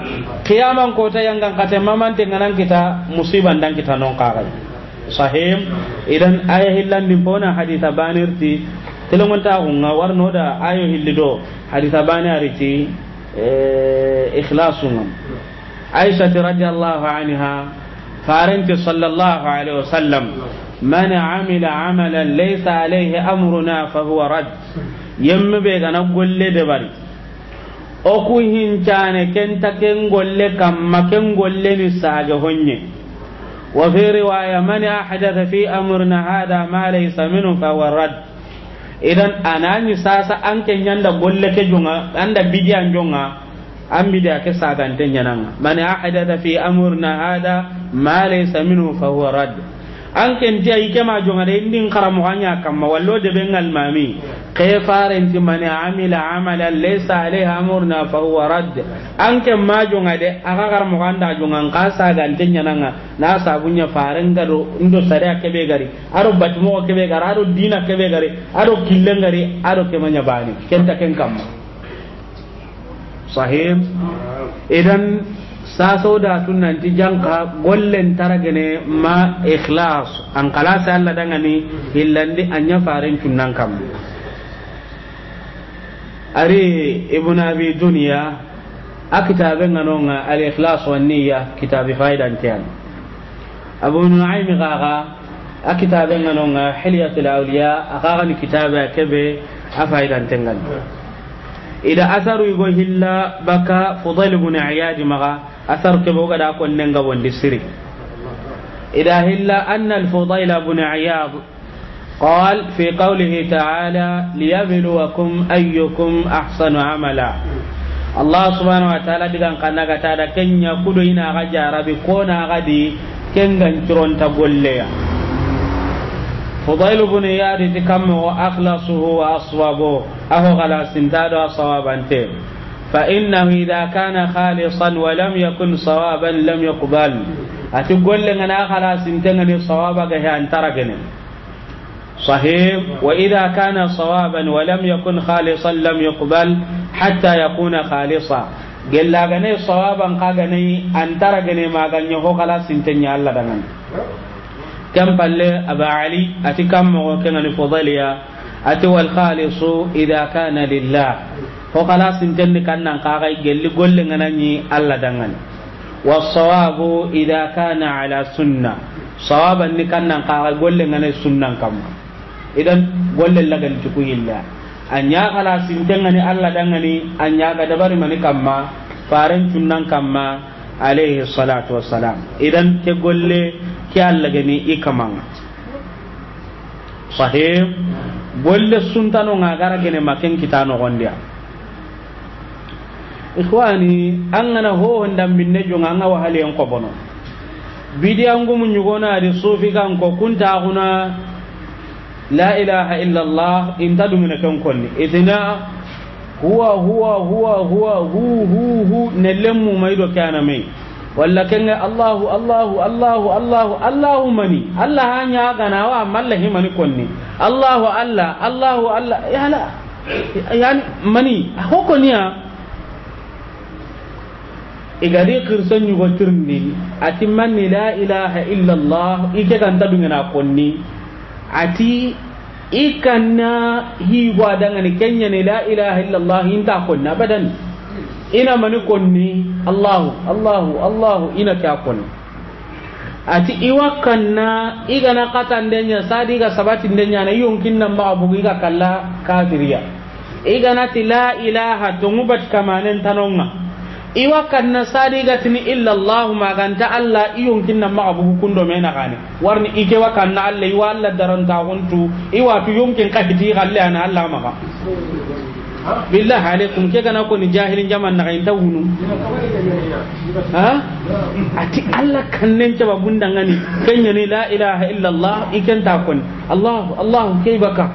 kiyaman ko ta yangan kate mamante ngaran kita musiban ndang kita non sahim idan aya hillan dimpona haditha banirti telongon ta warno da ayo hillido haditha banirti eh, aisha radhiyallahu anha farenti sallallahu alaihi wasallam man alaihi gana golle de bari o ku hincane kenta ken golle kamma ken golle ni sage honye wa fi riwaya idan anani sasa an kenyanda golle ke jonga an bi da ke sagante yanan man ahdatha fi amurna hada ma laysa minhu fa huwa rad an ken ti ay kema jonga de indin hanya anya ma wallo de ben almami kay faren ti man amila amala laysa alaiha amurna fa huwa rad an ken ma jonga de aga karamo anda jonga ka sagante yanan na sabunya faren garo indo sare ke be gari aro batmo ke be gari aro dina ke be gari aro killen gari aro ke kemanya bani ken ta ken kamma sahih idan saso da tunan ti janka gollen taragane ma ikhlas an kalasa Allah dangane hillandi anya farin tunan kam ari ibn abi dunya a kitabe nganonga al ikhlas wan niyya kitabe faidan tiyan abu nu'aym gaga a kitabe nga hilyatul awliya aga ni kitabe kebe a faidan tengan ida asaru yugo hilla baka fudal ibn iyad maga asaru ke boga da kon ga wondi ida hilla anna al fudail ibn iyad qal fi qawlihi ta'ala liyabluwakum ayyukum ahsanu amala allah subhanahu wa ta'ala digan kanaga ta da kenya kudo ina ga jarabi ko na ga di kengan tron ta golle ya fudail ibn iyad kam akhlasuhu wa aswabuhu أهو غلاسين تادوا صوابا تيم فإنه إذا كان خالصا ولم يكن صوابا لم يقبل أتقول لنا خلاصين تنني صوابك هي أن تركني صحيح وإذا كان صوابا ولم يكن خالصا لم يقبل حتى يكون خالصا قال لغني صوابا قاغني أن ترغني ما غني هو خلاص انتني الله دغن كم قال أبا علي أتي كم وكان فضيليا ati wal khalisu idha kana lillah ko khalasin tenni kannan ka ga gelli golle nganani Allah dangan was sawabu idha kana ala sunna sawaban ni kannan ka ga golle nganani sunnan kam idan golle lagan tuku illa anya khalasin tengani Allah dangani anya ga dabari mani kamma faran cunnan kamma alayhi salatu wassalam idan ke golle ke alla gani ikamanga sahih bolle suntano nga gara gene maken kita no gondia ikhwani an ho wanda minne jo nga wa halen ko bono angu ngumu nyugona adi sufi kan ko kunta guna la ilaha illa allah intadu min kan konni idina huwa huwa huwa huwa hu hu hu nelemu maido kana mai walla kenga allahu allahu allahu allahu allahu mani allah hanya gana wa malla hi mani konni allahu allah allahu allah ya yani mani hoko niya igari kirsan yugo tirni ati manni la ilaha illa allah ike kan tadunga na konni ati ikanna hi gwadanga ni kenya ni la ilaha illa allah inta konna badani ina mani konni allahu allahu allahu ina kya konni ati iwakanna igana katandenya sadi ga sabati ndenya na yonkin nan ba bugi ga kalla iga igana ti la ilaha tungubat kamanen tanonga iwakanna sadi ga tini illa Allahu, ma ganta alla yonkin nan ma bugu kundo mena gane warni ike wakanna alla iwa alla daranta huntu iwa tu yonkin ka hiti galle ana alla maka billahi alaikum ke gana ko ni jahilin jaman na kayin tawunu ha ati allah kannen ce babunda ngani kenya ni la ilaha illa allah iken ta kon allah allah ke baka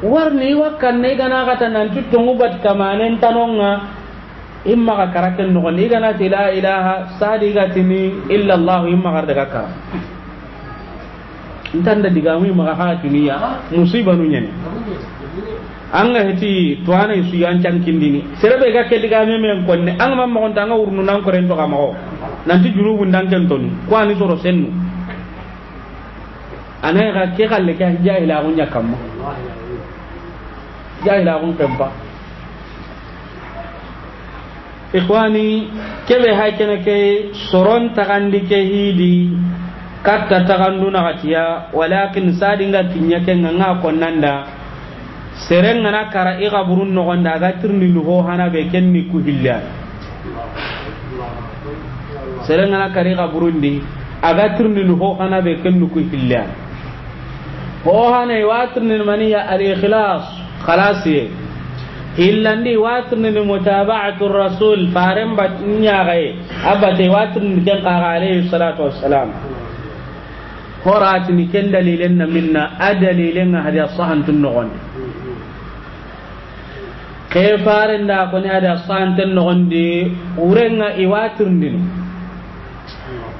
warni wakkan ne gana kata nan tuttungu bat kamanen tanonga imma ka karaken nogon i gana ti la ilaha sadi tini illa allah imma gar daga ka ntanda digamu imma ka hakiniya musiba nu nyene anga heti tuana isu su yan can kindini serebe ga kelli ga meme men konne an ma on ta nga urnu nan koren to gamo nanti junubu ndan ken toni ko ani soro sennu anay ga ke galle ke ila gun ya ja ila gun kempa ikhwani kebe hay kene ke soron tagandi ke hidi katta tagandu na gatiya walakin sadinga tinya ke nga konnanda serengana kara i xaburun noxonde aga tirni luho hana ɓe ken ni ku hilla serengana kara i xaburundi aga tirni luho hana ɓe ken ni ku hilla ho hana iwa tirnin maniya al ikhlas khalasiye hillandi iwa tirnin mutaba'atu rasul faren bat ñaxaye a bate iwa tirnin ken qaxa alayhi salatu wassalam horatini ken dalilen na minna a dalilen ga hadi a sahantu noxonde ke faren da ko ne ada santen no gondi urenga iwatirndini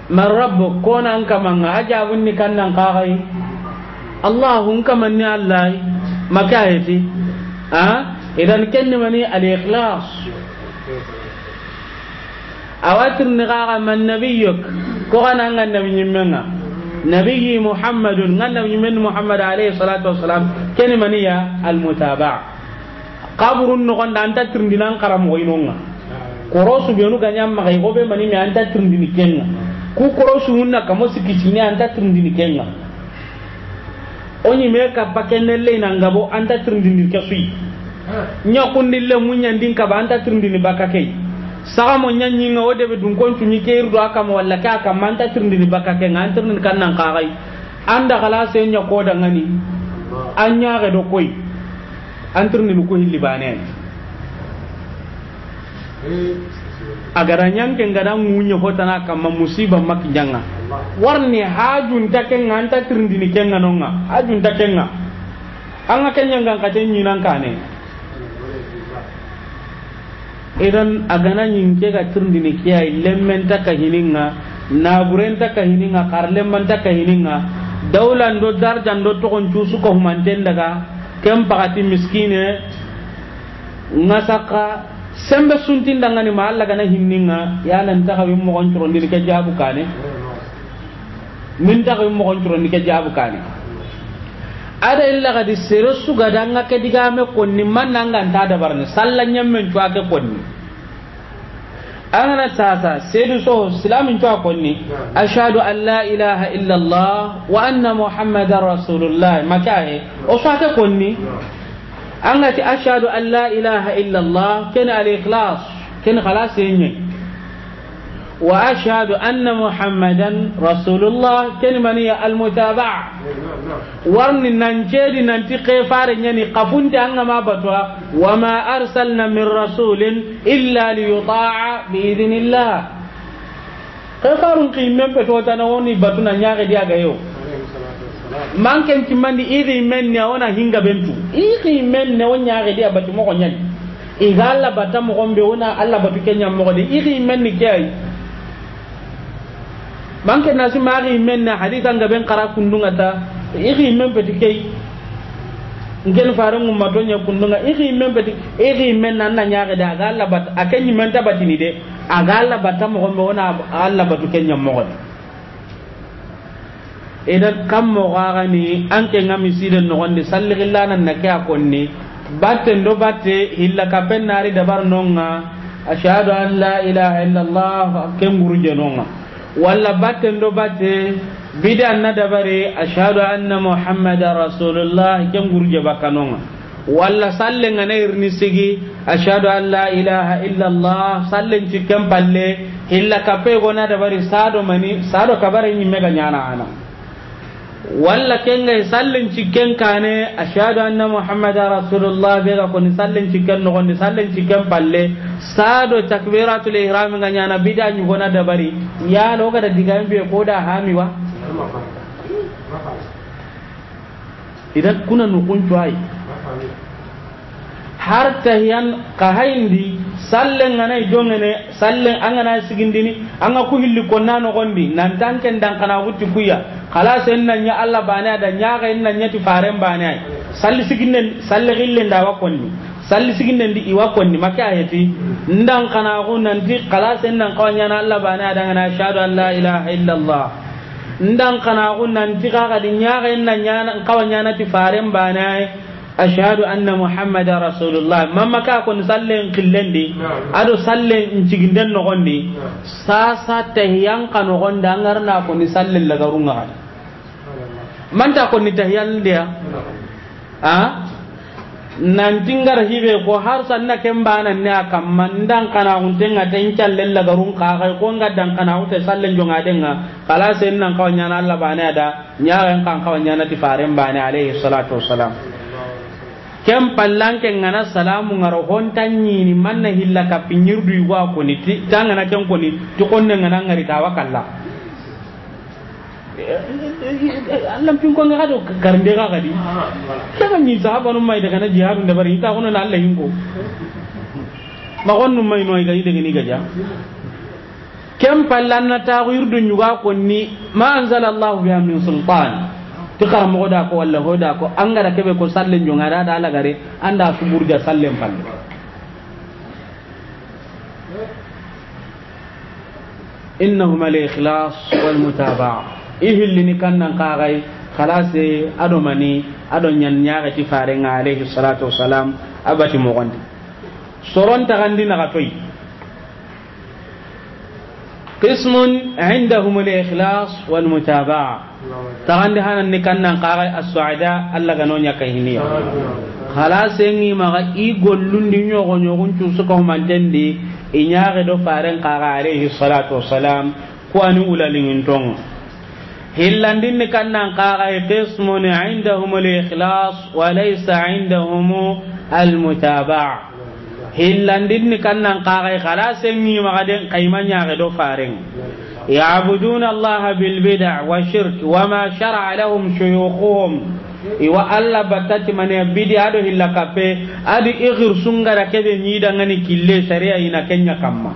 mar rabbu kona an kamanga aja bunni kannan kagai allah hun kamanni allah makayati ha idan kenni mani al ikhlas awatirni kaga man nabiyyuk ko kana ngan nabiyyin menga نبي محمد نبي من salatu عليه الصلاة والسلام كلمة هي المتابعة kaburun nogonda anta tirindina an karamogo inonga koro suɓenu gañan maxay xoɓe manime anta tirindini kenga ku koro sumunna kamo sikisini anta tirindini kenga o ñime kappa kenne leinangabo anta tirindini ke suyi ñakundille muñandin kaba anta tirindini bakka key sagamo ñañinga wo deɓe dun koncuñi keyirdo a kama walla ke a kamma anta tirindini bakka kenga an tirindini kannan kaxay anda xala se ñakodangani an ñaxe do koy antur ni muku hilli bane agara nyang ke ngada munyo hotana musiba warni hajun takeng nganta tirndini kenga nonga hajun take nga anga kenya ngang kace nyinan kane idan agana nyinke ga tirndini kiyai lemmen taka hininga buren taka hininga karlemman taka hininga daulan do jan do tokon cusu ko daga kem pakati miskine ngasaka sembe suntin dangani ma Allah gana hinninga ya lan ta kawi mo kontro turon ke jabu kane min ta mo kontro turon ke jabu kane ada illa gadi sere su gadanga ke digame konni man nanga da barne sallan konni أنا ساسا سيدسو سلام انتو أقولني نعم. أشهد أن لا إله إلا الله وأن محمد رسول الله ما كاي نعم. أصحك أقولني نعم. أنا أشهد أن لا إله إلا الله كان الإخلاص كان خلاص يني وأشهد أن محمدا رسول الله كلمة هي المتابعة ورن ننجد ننتقى فار يعني قفون تأنا ما بتوا وما أرسلنا من رسول إلا ليطاع بإذن الله قفار قيمة بتوا تناوني بتونا نياقي ديا جيو man ken kimandi iri men ne ona hinga bentu إذا men ne onya ga dia batu mo gonya igala batam gombe ona alla batu kenya إذا gode iri men ni kai banke na manke ma ri men na hadisa ga ben qara kundunga ta iri men peti kei ngel mu ma matonya kundunga iri men peti iri men na na nyaare da ga Allah bat akenyi men ta batini de aga Allah bat ta mo mo na Allah batu kenya mo gombe idan kam mo ga ni an ke ngami siden no gonde sallillana na kya konni batte ndo batte hilla kapen nari dabar nonga ashhadu an la ilaha illallah kem guruje nonga walla batten do batte bidan na dabare ashhadu anna muhammada rasulullah ken gurje bakanonga walla sallin ga irni sigi ashhadu an la ilaha illa allah sallen cikken palle illa kappe gona dabare sado mani sado kabare nyimme mega nyana ana walla kenga sallin cikken kane ashhadu anna muhammadar rasulullah be ga koni sallin cikken no koni sallin cikken palle sado takbiratul ihram ga nyana bida nyu gona dabari ya no ga da diga be ko da hami wa idan kuna nukun har tahiyan ka hayndi sallen ngana idongene sallen angana sigindini anga ku hilli konna no gondi nan tanken dan kana wutti kuya khalas enna nya alla bane da nya ga enna nya ti faren bane ay salli siginden salli gillen da wa konni salli siginden di iwa konni maka ayati ndan kana go nan ti khalas enna nya na alla bane da ngana ashhadu an la ilaha illallah ndan kana go nan ti ga ga di nya ga enna nya kawanya na ti faren bane ay ashhadu anna muhammadar rasulullah mamma ka ko sallen de ado sallen ciginden no gondi sasa tahiyan kan no gonda ngarna ko ni sallen la garunga man ta ni tahiyan dia a nan tingar hibe ko har sanna kembana ne akam dan kana untenga tencal lella garun ka kai ko dan kana ute sallen jonga denga kala sen nan kawnya na Allah bana da nyaaren kan kawnya na tifaren bana alayhi salatu wassalam kem pallanke ngana salamu ngaro honta nyini manna hilla ka pinyirdu yuwa koni ti tanga na ken koni to konne ngana ngari ta wakalla Allah pin ko ngado karnde ga gadi daga ni sahaba no mai daga na jihadu da bari ta kono na Allah hinko ma gonnu mai no ga ide ni gaja kem pallanna ta wirdu yuwa ni ma anzalallahu Allah biha min sultan ti karammogo da ko walla ho da ko angara kebe ko salle jonga da da lagare anda suburja sallen palle innahuma wal walmutabaa i hillini kannan kaxay halase aɗo mani aɗo ñan ñaxeti farenga alayhi salatu wasalam a bati na sorontaxandi qismun indahum al ikhlas wal والمتابعة taxandi hananni kannan kaxa assuada allah gano ñaka hiniya xala sengi maxa i gollundi ñoxo ñoxun cusukahumantendi i ñaxe do faren kaxa alayhi salatu wasalam hillandin ulalingintongo kan nan kaxaye qismun indahum likhlas wa laysa indahum almutabaa hillandin ni kan kannan qaray khalas ni magaden qaymanya ga do faren ya'buduna allaha bil bid'a wa shirk wa ma shar'a lahum shuyukhuhum iwa alla battati mane bidi ado hilla kape adi igir sungara kebe nyida ngani kille sariya ina kenya kamma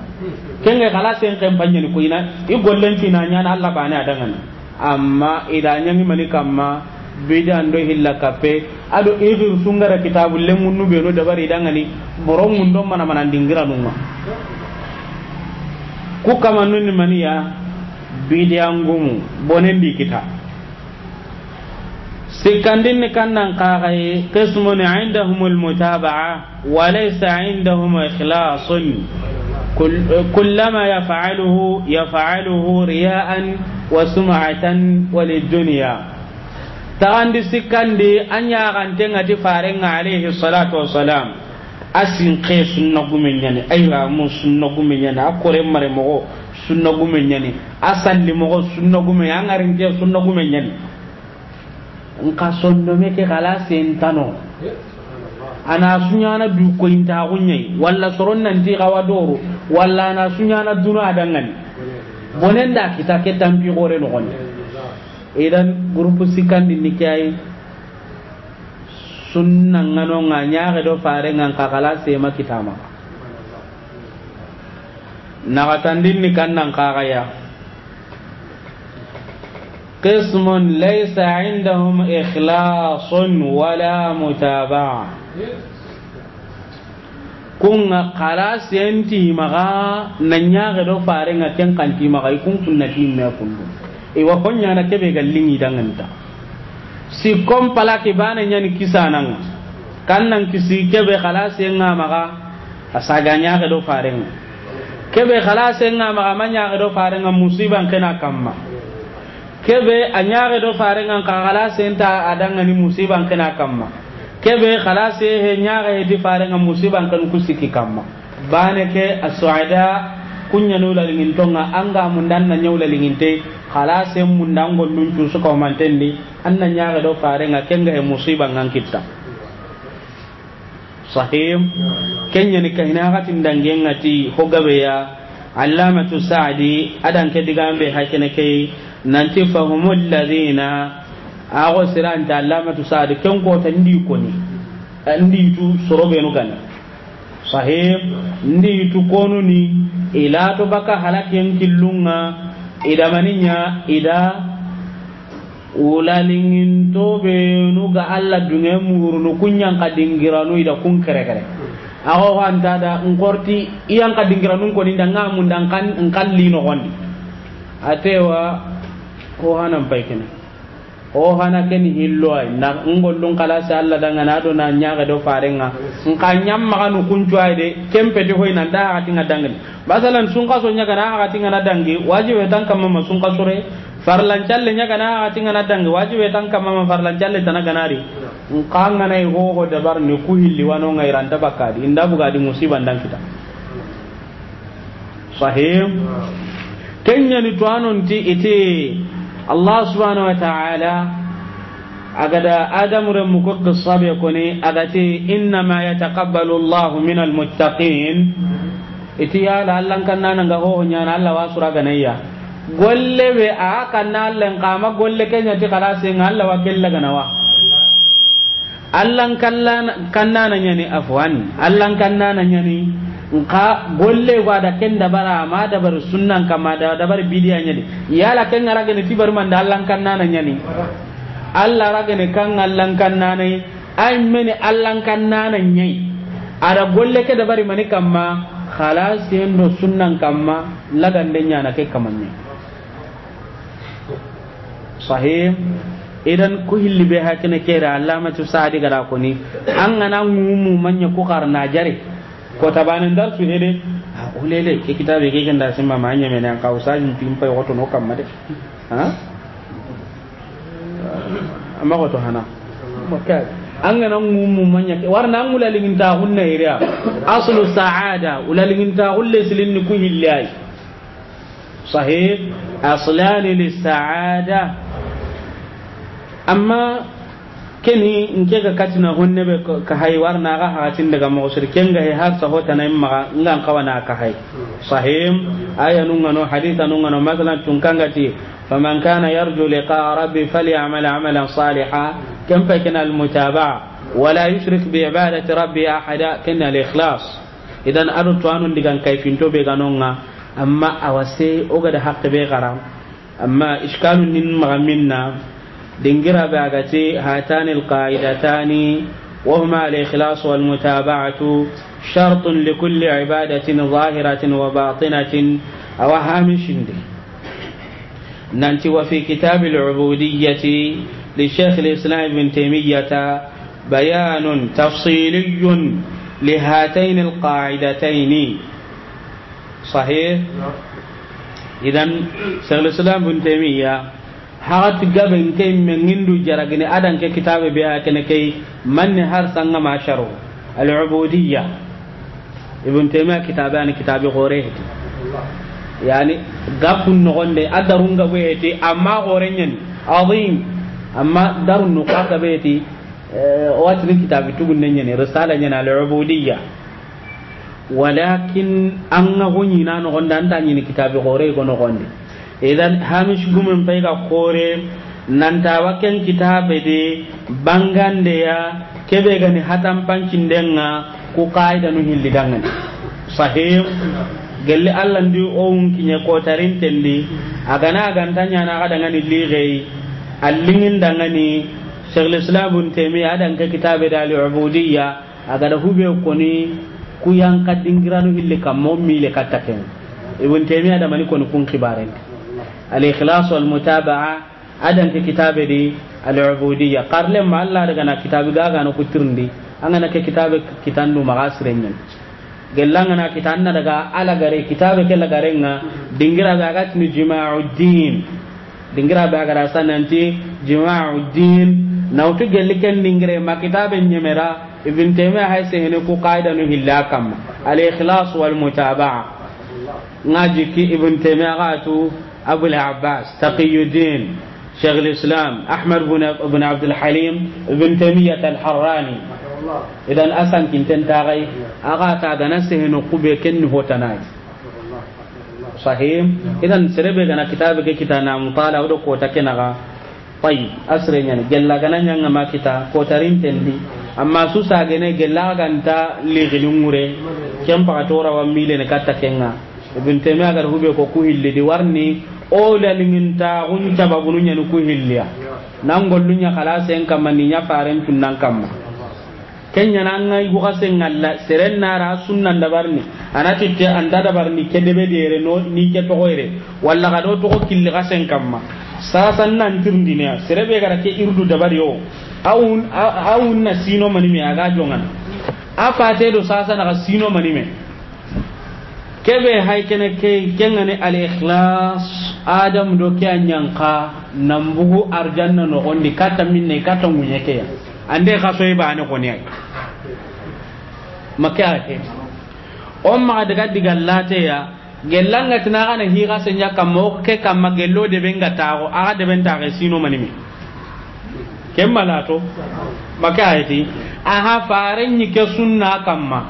kenge khalas en kampanye ni ko ina i gollen tina nyana alla bana adangana amma idanya ni mani kamma bida ando hilla kappe ado igir sungara kitabu lengun nu be no dabari dangani borongun do mana mana dingira nunga ku kama nunni maniya bidia ngumu bonendi kita sikkandin ni kannan kaxaye qismun indahum almutabaa walaysa indahum ikhlasun كلما يفعله يفعله رياء وسمعة وللدنيا taxandi sikkandi a ñaxantengati farenga alayhi salatu wasalam a sinxe sunna gume ñani aywa mu sunna gume ɲani a kore mare moxo sunna gume ɲani a salli moxo sunna gume a ngarinke sunna gume ñani nka sondome ke kala xala sentano ana suñana du koyintaxu ñayi walla soron nanti xawa dooru walla ana suñana duna adangani bonen da kita ke tampi xore ne. idan groupe sikandi ni kai sunna ngano nga nyaare do fare ngan kakala sema kitama nagatandin ni kannan kakaya qismun laysa indahum ikhlasun wala mutaba'a kunga kala senti maga na nyaare do fare ngan ken kanti maga kun kunna timme iwa konya na kebe gallingi danganta si kom pala ke bana nyani kisananga kannan kisi kebe khalas nga maga asaga nya ga do farenga kebe khalas nga maga manya ga do farenga musiban kana kamma kebe anya ga do farenga ka khalas enta adanga ni musiban kana kamma kebe khalas he nya ga di farenga musiban kan kusiki kamma bane ke as-suada kunya no lingin tonga anga mundan na nyaw lingin te kala sem mundan gollun cu su ko mantenni anna nyaga do fare nga kenga e musiba ngan kitta sahim kenya ni kahina gatin ndange ngati hogabe ya allamatu saadi adan ke digambe hakene ke nanti fahumul ladina ago siran siranta allamatu saadi ken ko tan ndi ko ni ndi tu sorobe no gana sahim ndi tu konu ni ila to baka halaken killunga ida maninya ida wulalingin to be nu ga alla dunge muru nu kunyan ka dingira nu ida kun kere kere aho han dada ngorti iyan ka dingira nu ko ninda ngamu ndan kan ngalli no wandi atewa ko hanan baikene o hana ken hillo ay na ngollon kala sa Allah daga na do na nyaga do farenga in ka nyam maka nu kuncu ay de kempe de hoy nan da hati ngadangen basalan sun kaso nyaga na hati ngana dangi wajibe tan kam ma sun kasore farlan challe nyaga na hati ngana dangi wajibe tan kam ma farlan challe tanaga nari in ka ngana ho ho dabar ni ku hilli wano ngai ranta bakadi inda buga di musiban dan kita sahih ah. kenya ni ti ite allah subhanahu wa ta'ala agada adamuren muko kissabe koni agati innama yataqabbalu allah min almuttaqin iti yala allan kannananga hoho ñana allah wa suraganayya golle ɓe a kanna allah nkama golle keñati kalasenga allah wa kellaganawa allan kannana ñani afwan allan kannana ñani nka golle wa da ken bara ma bar sunnan kama da bar bidiya nyani la ken ngara gani tibar man da Allah kan nana nyani Allah ragani kan allan kan nana me meni Allah kan nana nyai ara golle ke dabari mani ma khalas do sunnan kamma lagande nyana ke kamanni sahih idan ku hilli be hakene kera ma tu saadi gara ni an ngana ngumu manya ku na jare ko banen dal su hede o lele ke kitabe ke kenda simma ma anya mena ka usajin pimpa wato no kam made ha amma ko to hana makka an ga nan mu manya ke war nan mu lalin ta hunna iriya aslu sa'ada ulalin ta ulle silin ku hillahi sahih aslan lis sa'ada amma keni nke ga katina honne be ka hay warna ga hakatin daga mo shirken ga har sahota na imma ngan kawana ka hay sahim aya nun ngano haditha nun ngano masalan tunkanga ti faman kana yarju liqa rabbi falyamal amalan salihan kam fa kana al mutaba wala yushrik bi ibadati rabbi ahada kana al ikhlas idan adu tuanun digan kaifin to be ganonga amma awase oga da haqqe be garam amma iskalun nin magaminna دنجرا باغتي هاتان القاعدتان وهما الإخلاص والمتابعة شرط لكل عبادة ظاهرة وباطنة أو هامش ننتي وفي كتاب العبودية لشيخ الإسلام ابن تيمية بيان تفصيلي لهاتين القاعدتين صحيح نعم. إذا شيخ الإسلام ابن تيمية hagati gaben kai mengindu jaragini adan ke kitabe be akene kai manni har sanga masharu al ubudiyya ibn taymiya kitabe an kitabe gore heti yani gapun gonde adarun gabe heti amma gore nyen azim amma darun nuqa gabe heti eh, ni kitabe tugun nyen risala nyen al ubudiyya walakin an ga gonyi na nogonde an kitabe gore gono gonde idan hamish gumin fai ga kore nan ta waken kitabe bangan da ya kebe gani hatan pancin denga ku kaida nu hilli dangan sahih gelle allah ndi o kinya ko tarin tendi agana agantanya na kada li gai allingin dangani shekhul islam bin taymiya adan ka kitabe da al-ubudiyya agada hube koni ku yang kadingiranu hilli kammo mile kataken ibn taymiya da mani koni kun kibaren al-ikhlas wal mutaba'a adan ke kitabe di al-ubudiyya qarle ma Allah daga na kitabe ga ga no kutirndi angana ke kitabe kitandu magasirenyen gellanga na kitanna daga ala gare kitabe ke la garenga dingira ga ga tinu jima'uddin dingira ba ga sananti jima'uddin nautu gelli ken dingire ma kitabe nyemera ibn taymiya hay sehne ku qaida no hilla kam al ikhlas wal mutaba'a ngaji ki ibn taymiya gatu أبو العباس تقي الدين شيخ الإسلام أحمد بن بن عبد الحليم بن تيمية الحراني إذا أسان كنتن تاغي أغا تعدنا سهن قبي كن هو تناي صحيح إذا سربي لنا كتابك كتانا مطالعة ودكو تكنغا طيب أسرين يعني جلا جنا ما كتا كوترين تندي أما سوسا جنان gella جنان تا ken pakatora wa mile ne katta kenga ibn taymiya gar hube ko ku hillidi warni o daliginta kun cababunu ñani ku hilliya nan gollunya kala sen kamma ni nya faren tunnan kamma kenya nan ngai buka sen ngalla seren nara sunnan dabarni anati te anda dabarni ke debe dere no ni ke to goire walla ga do to ko killi ga sen kamma sasa nan tirndine serebe gara ke irdu dabar yo awun awun na sino manime a jongan apa te do sasa na sino manime kebe hay kene ke kengane al ikhlas adam do ke anyanka nambugu arjanna no onni kata minne kata munyeke ya ande ka soy ba ne koni ay makka ke on ma daga diga late ya gelanga tina kana hi ga senya kamo ke kamma gello de benga tawo aga de benta ga sino manimi kem kemmalato maka ayati aha faren ni ke sunna kamma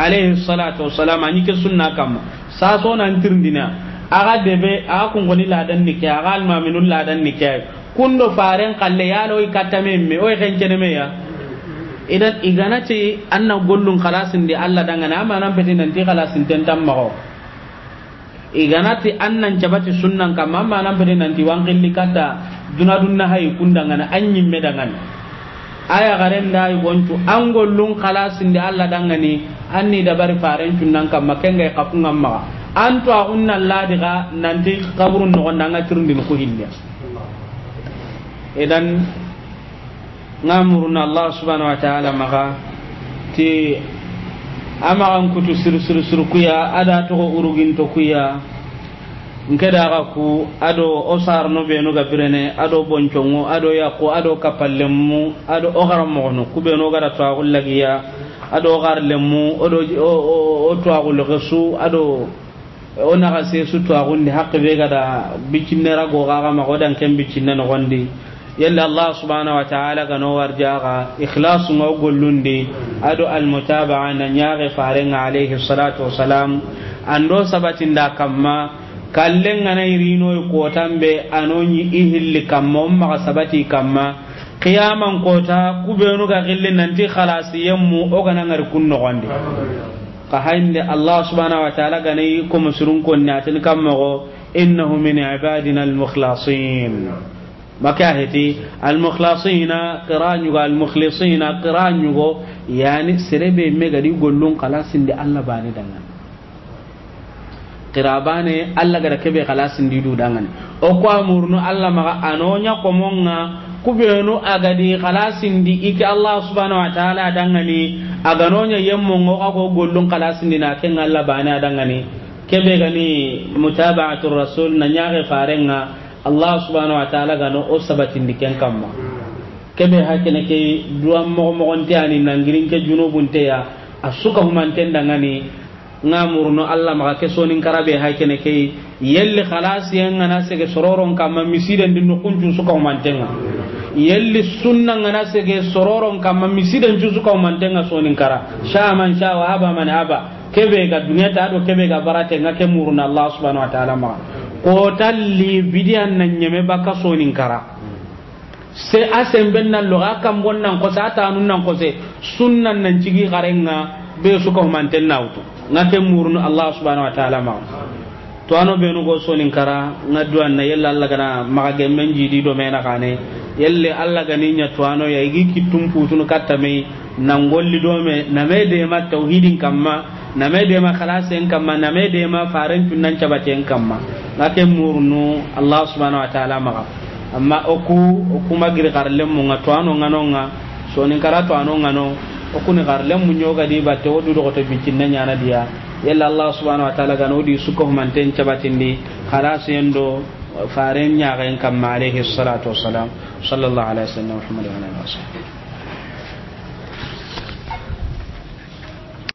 alayhi salatu wassalamu anyi ke sunna kamma sa so nan tirndina aga debe aga kungoni ladan ni ke aga almaminun ladan ni ke kundo faren kalle yalo i katame me o kencene me ya idan igana anna gollun khalasin di Allah dangana amma nan pete nan ti khalasin ten tamma iganati annan jabati sunnan kamma amma nan pete nan ti wankilli kata kun nahai kundangana anyin medangana aya garen da ay goncu an gollun khalasin da Allah ne anni da bari faren kan kam makenga kafun amma an to unna ladiga ti qabrun no ndanga din ku hilya idan ngamuruna Allah subhanahu wa ta'ala maka ti amaran kutu sir sir sir kuya ada to urugin to kuya nkeda ga ku ado o be no ga birene ado boncongo ado ko ado kapallemu ado o garam no ku no ga tawagul lagiya ado gar lemu odo o tawagul gesu ado o naga se su tawagul ni hakke be ga da bicinera go ga ma go dan ken bicinna no gondi yalla allah subhanahu wa ta'ala ga no warja ga ikhlas ngo golundi ado al mutaba'a na faare farenga alayhi salatu salam ando sabatinda kamma kallen ngana kotan be anonyi ihilli kamma umma sabati kamma qiyaman kota kubenu ga gille nanti khalasi yammu o kana ngar kun gonde ka hainde allah subhanahu wa ta'ala ganai ko musurun ko nyatin kamma go innahu min ibadina al-mukhlasin makaheti al-mukhlasina qiranyu ga al-mukhlisina qiranyu go yani serebe megadi gollun kalasin de allah bani dangan qirabane alla gara kebe khalasin didu dangane o ko amurnu alla ma anonya komonga kubenu agadi khalasin di iki allah subhanahu wa ta'ala dangane aganonya yemmo ngo ko gollon khalasin dina ken alla bana dangane kebe gani mutaba'atu rasul na nyaare farenga allah subhanahu wa ta'ala gano o sabatin di ken kamma kebe hakene ke duam mo mo gonte ani nangirin ke junubun te ya asuka humanten dangane nga murno allah maga ke sonin karabe ha kene ke yelli khalas yen ngana ke sororon kam misiden din kunju suka mantenga yelli sunna ngana ke sororon kam misiden ju suka mantenga sonin kara sha man sha wa haba man haba kebe ga duniya ta do kebe ga barate nga ke murna allah subhanahu wa ta'ala ma ko talli bidiyan nan nyeme baka sonin kara se asen semben nan loga kam bonnan ko sa nun nan ko se sunnan nan cigi garenga be suka mantenna wutu nga ken murunu allah subhanahu wa ta'ala ma to ano benu go sonin kara nga duan na yalla allah gana maga ji jidi do mena kane yalle allah gani nya to ano ya igi kitum putun katta mai nan golli do me na me de ma tauhidin kamma na me de ma khalasen kamma na me de ma faran tunan cabaten kamma nga ken murunu allah subhanahu wa ta'ala ma amma oku oku magir karlem mu nga to ano nga no nga sonin kara to ano nga no okuni lem mu nyoga di batte wodu do to na nyana dia yalla allah subhanahu wa ta'ala gano di suko manten cabatindi khalas yendo faren nyaga en kam alayhi salatu wassalam sallallahu alaihi wasallam wa alihi wasallam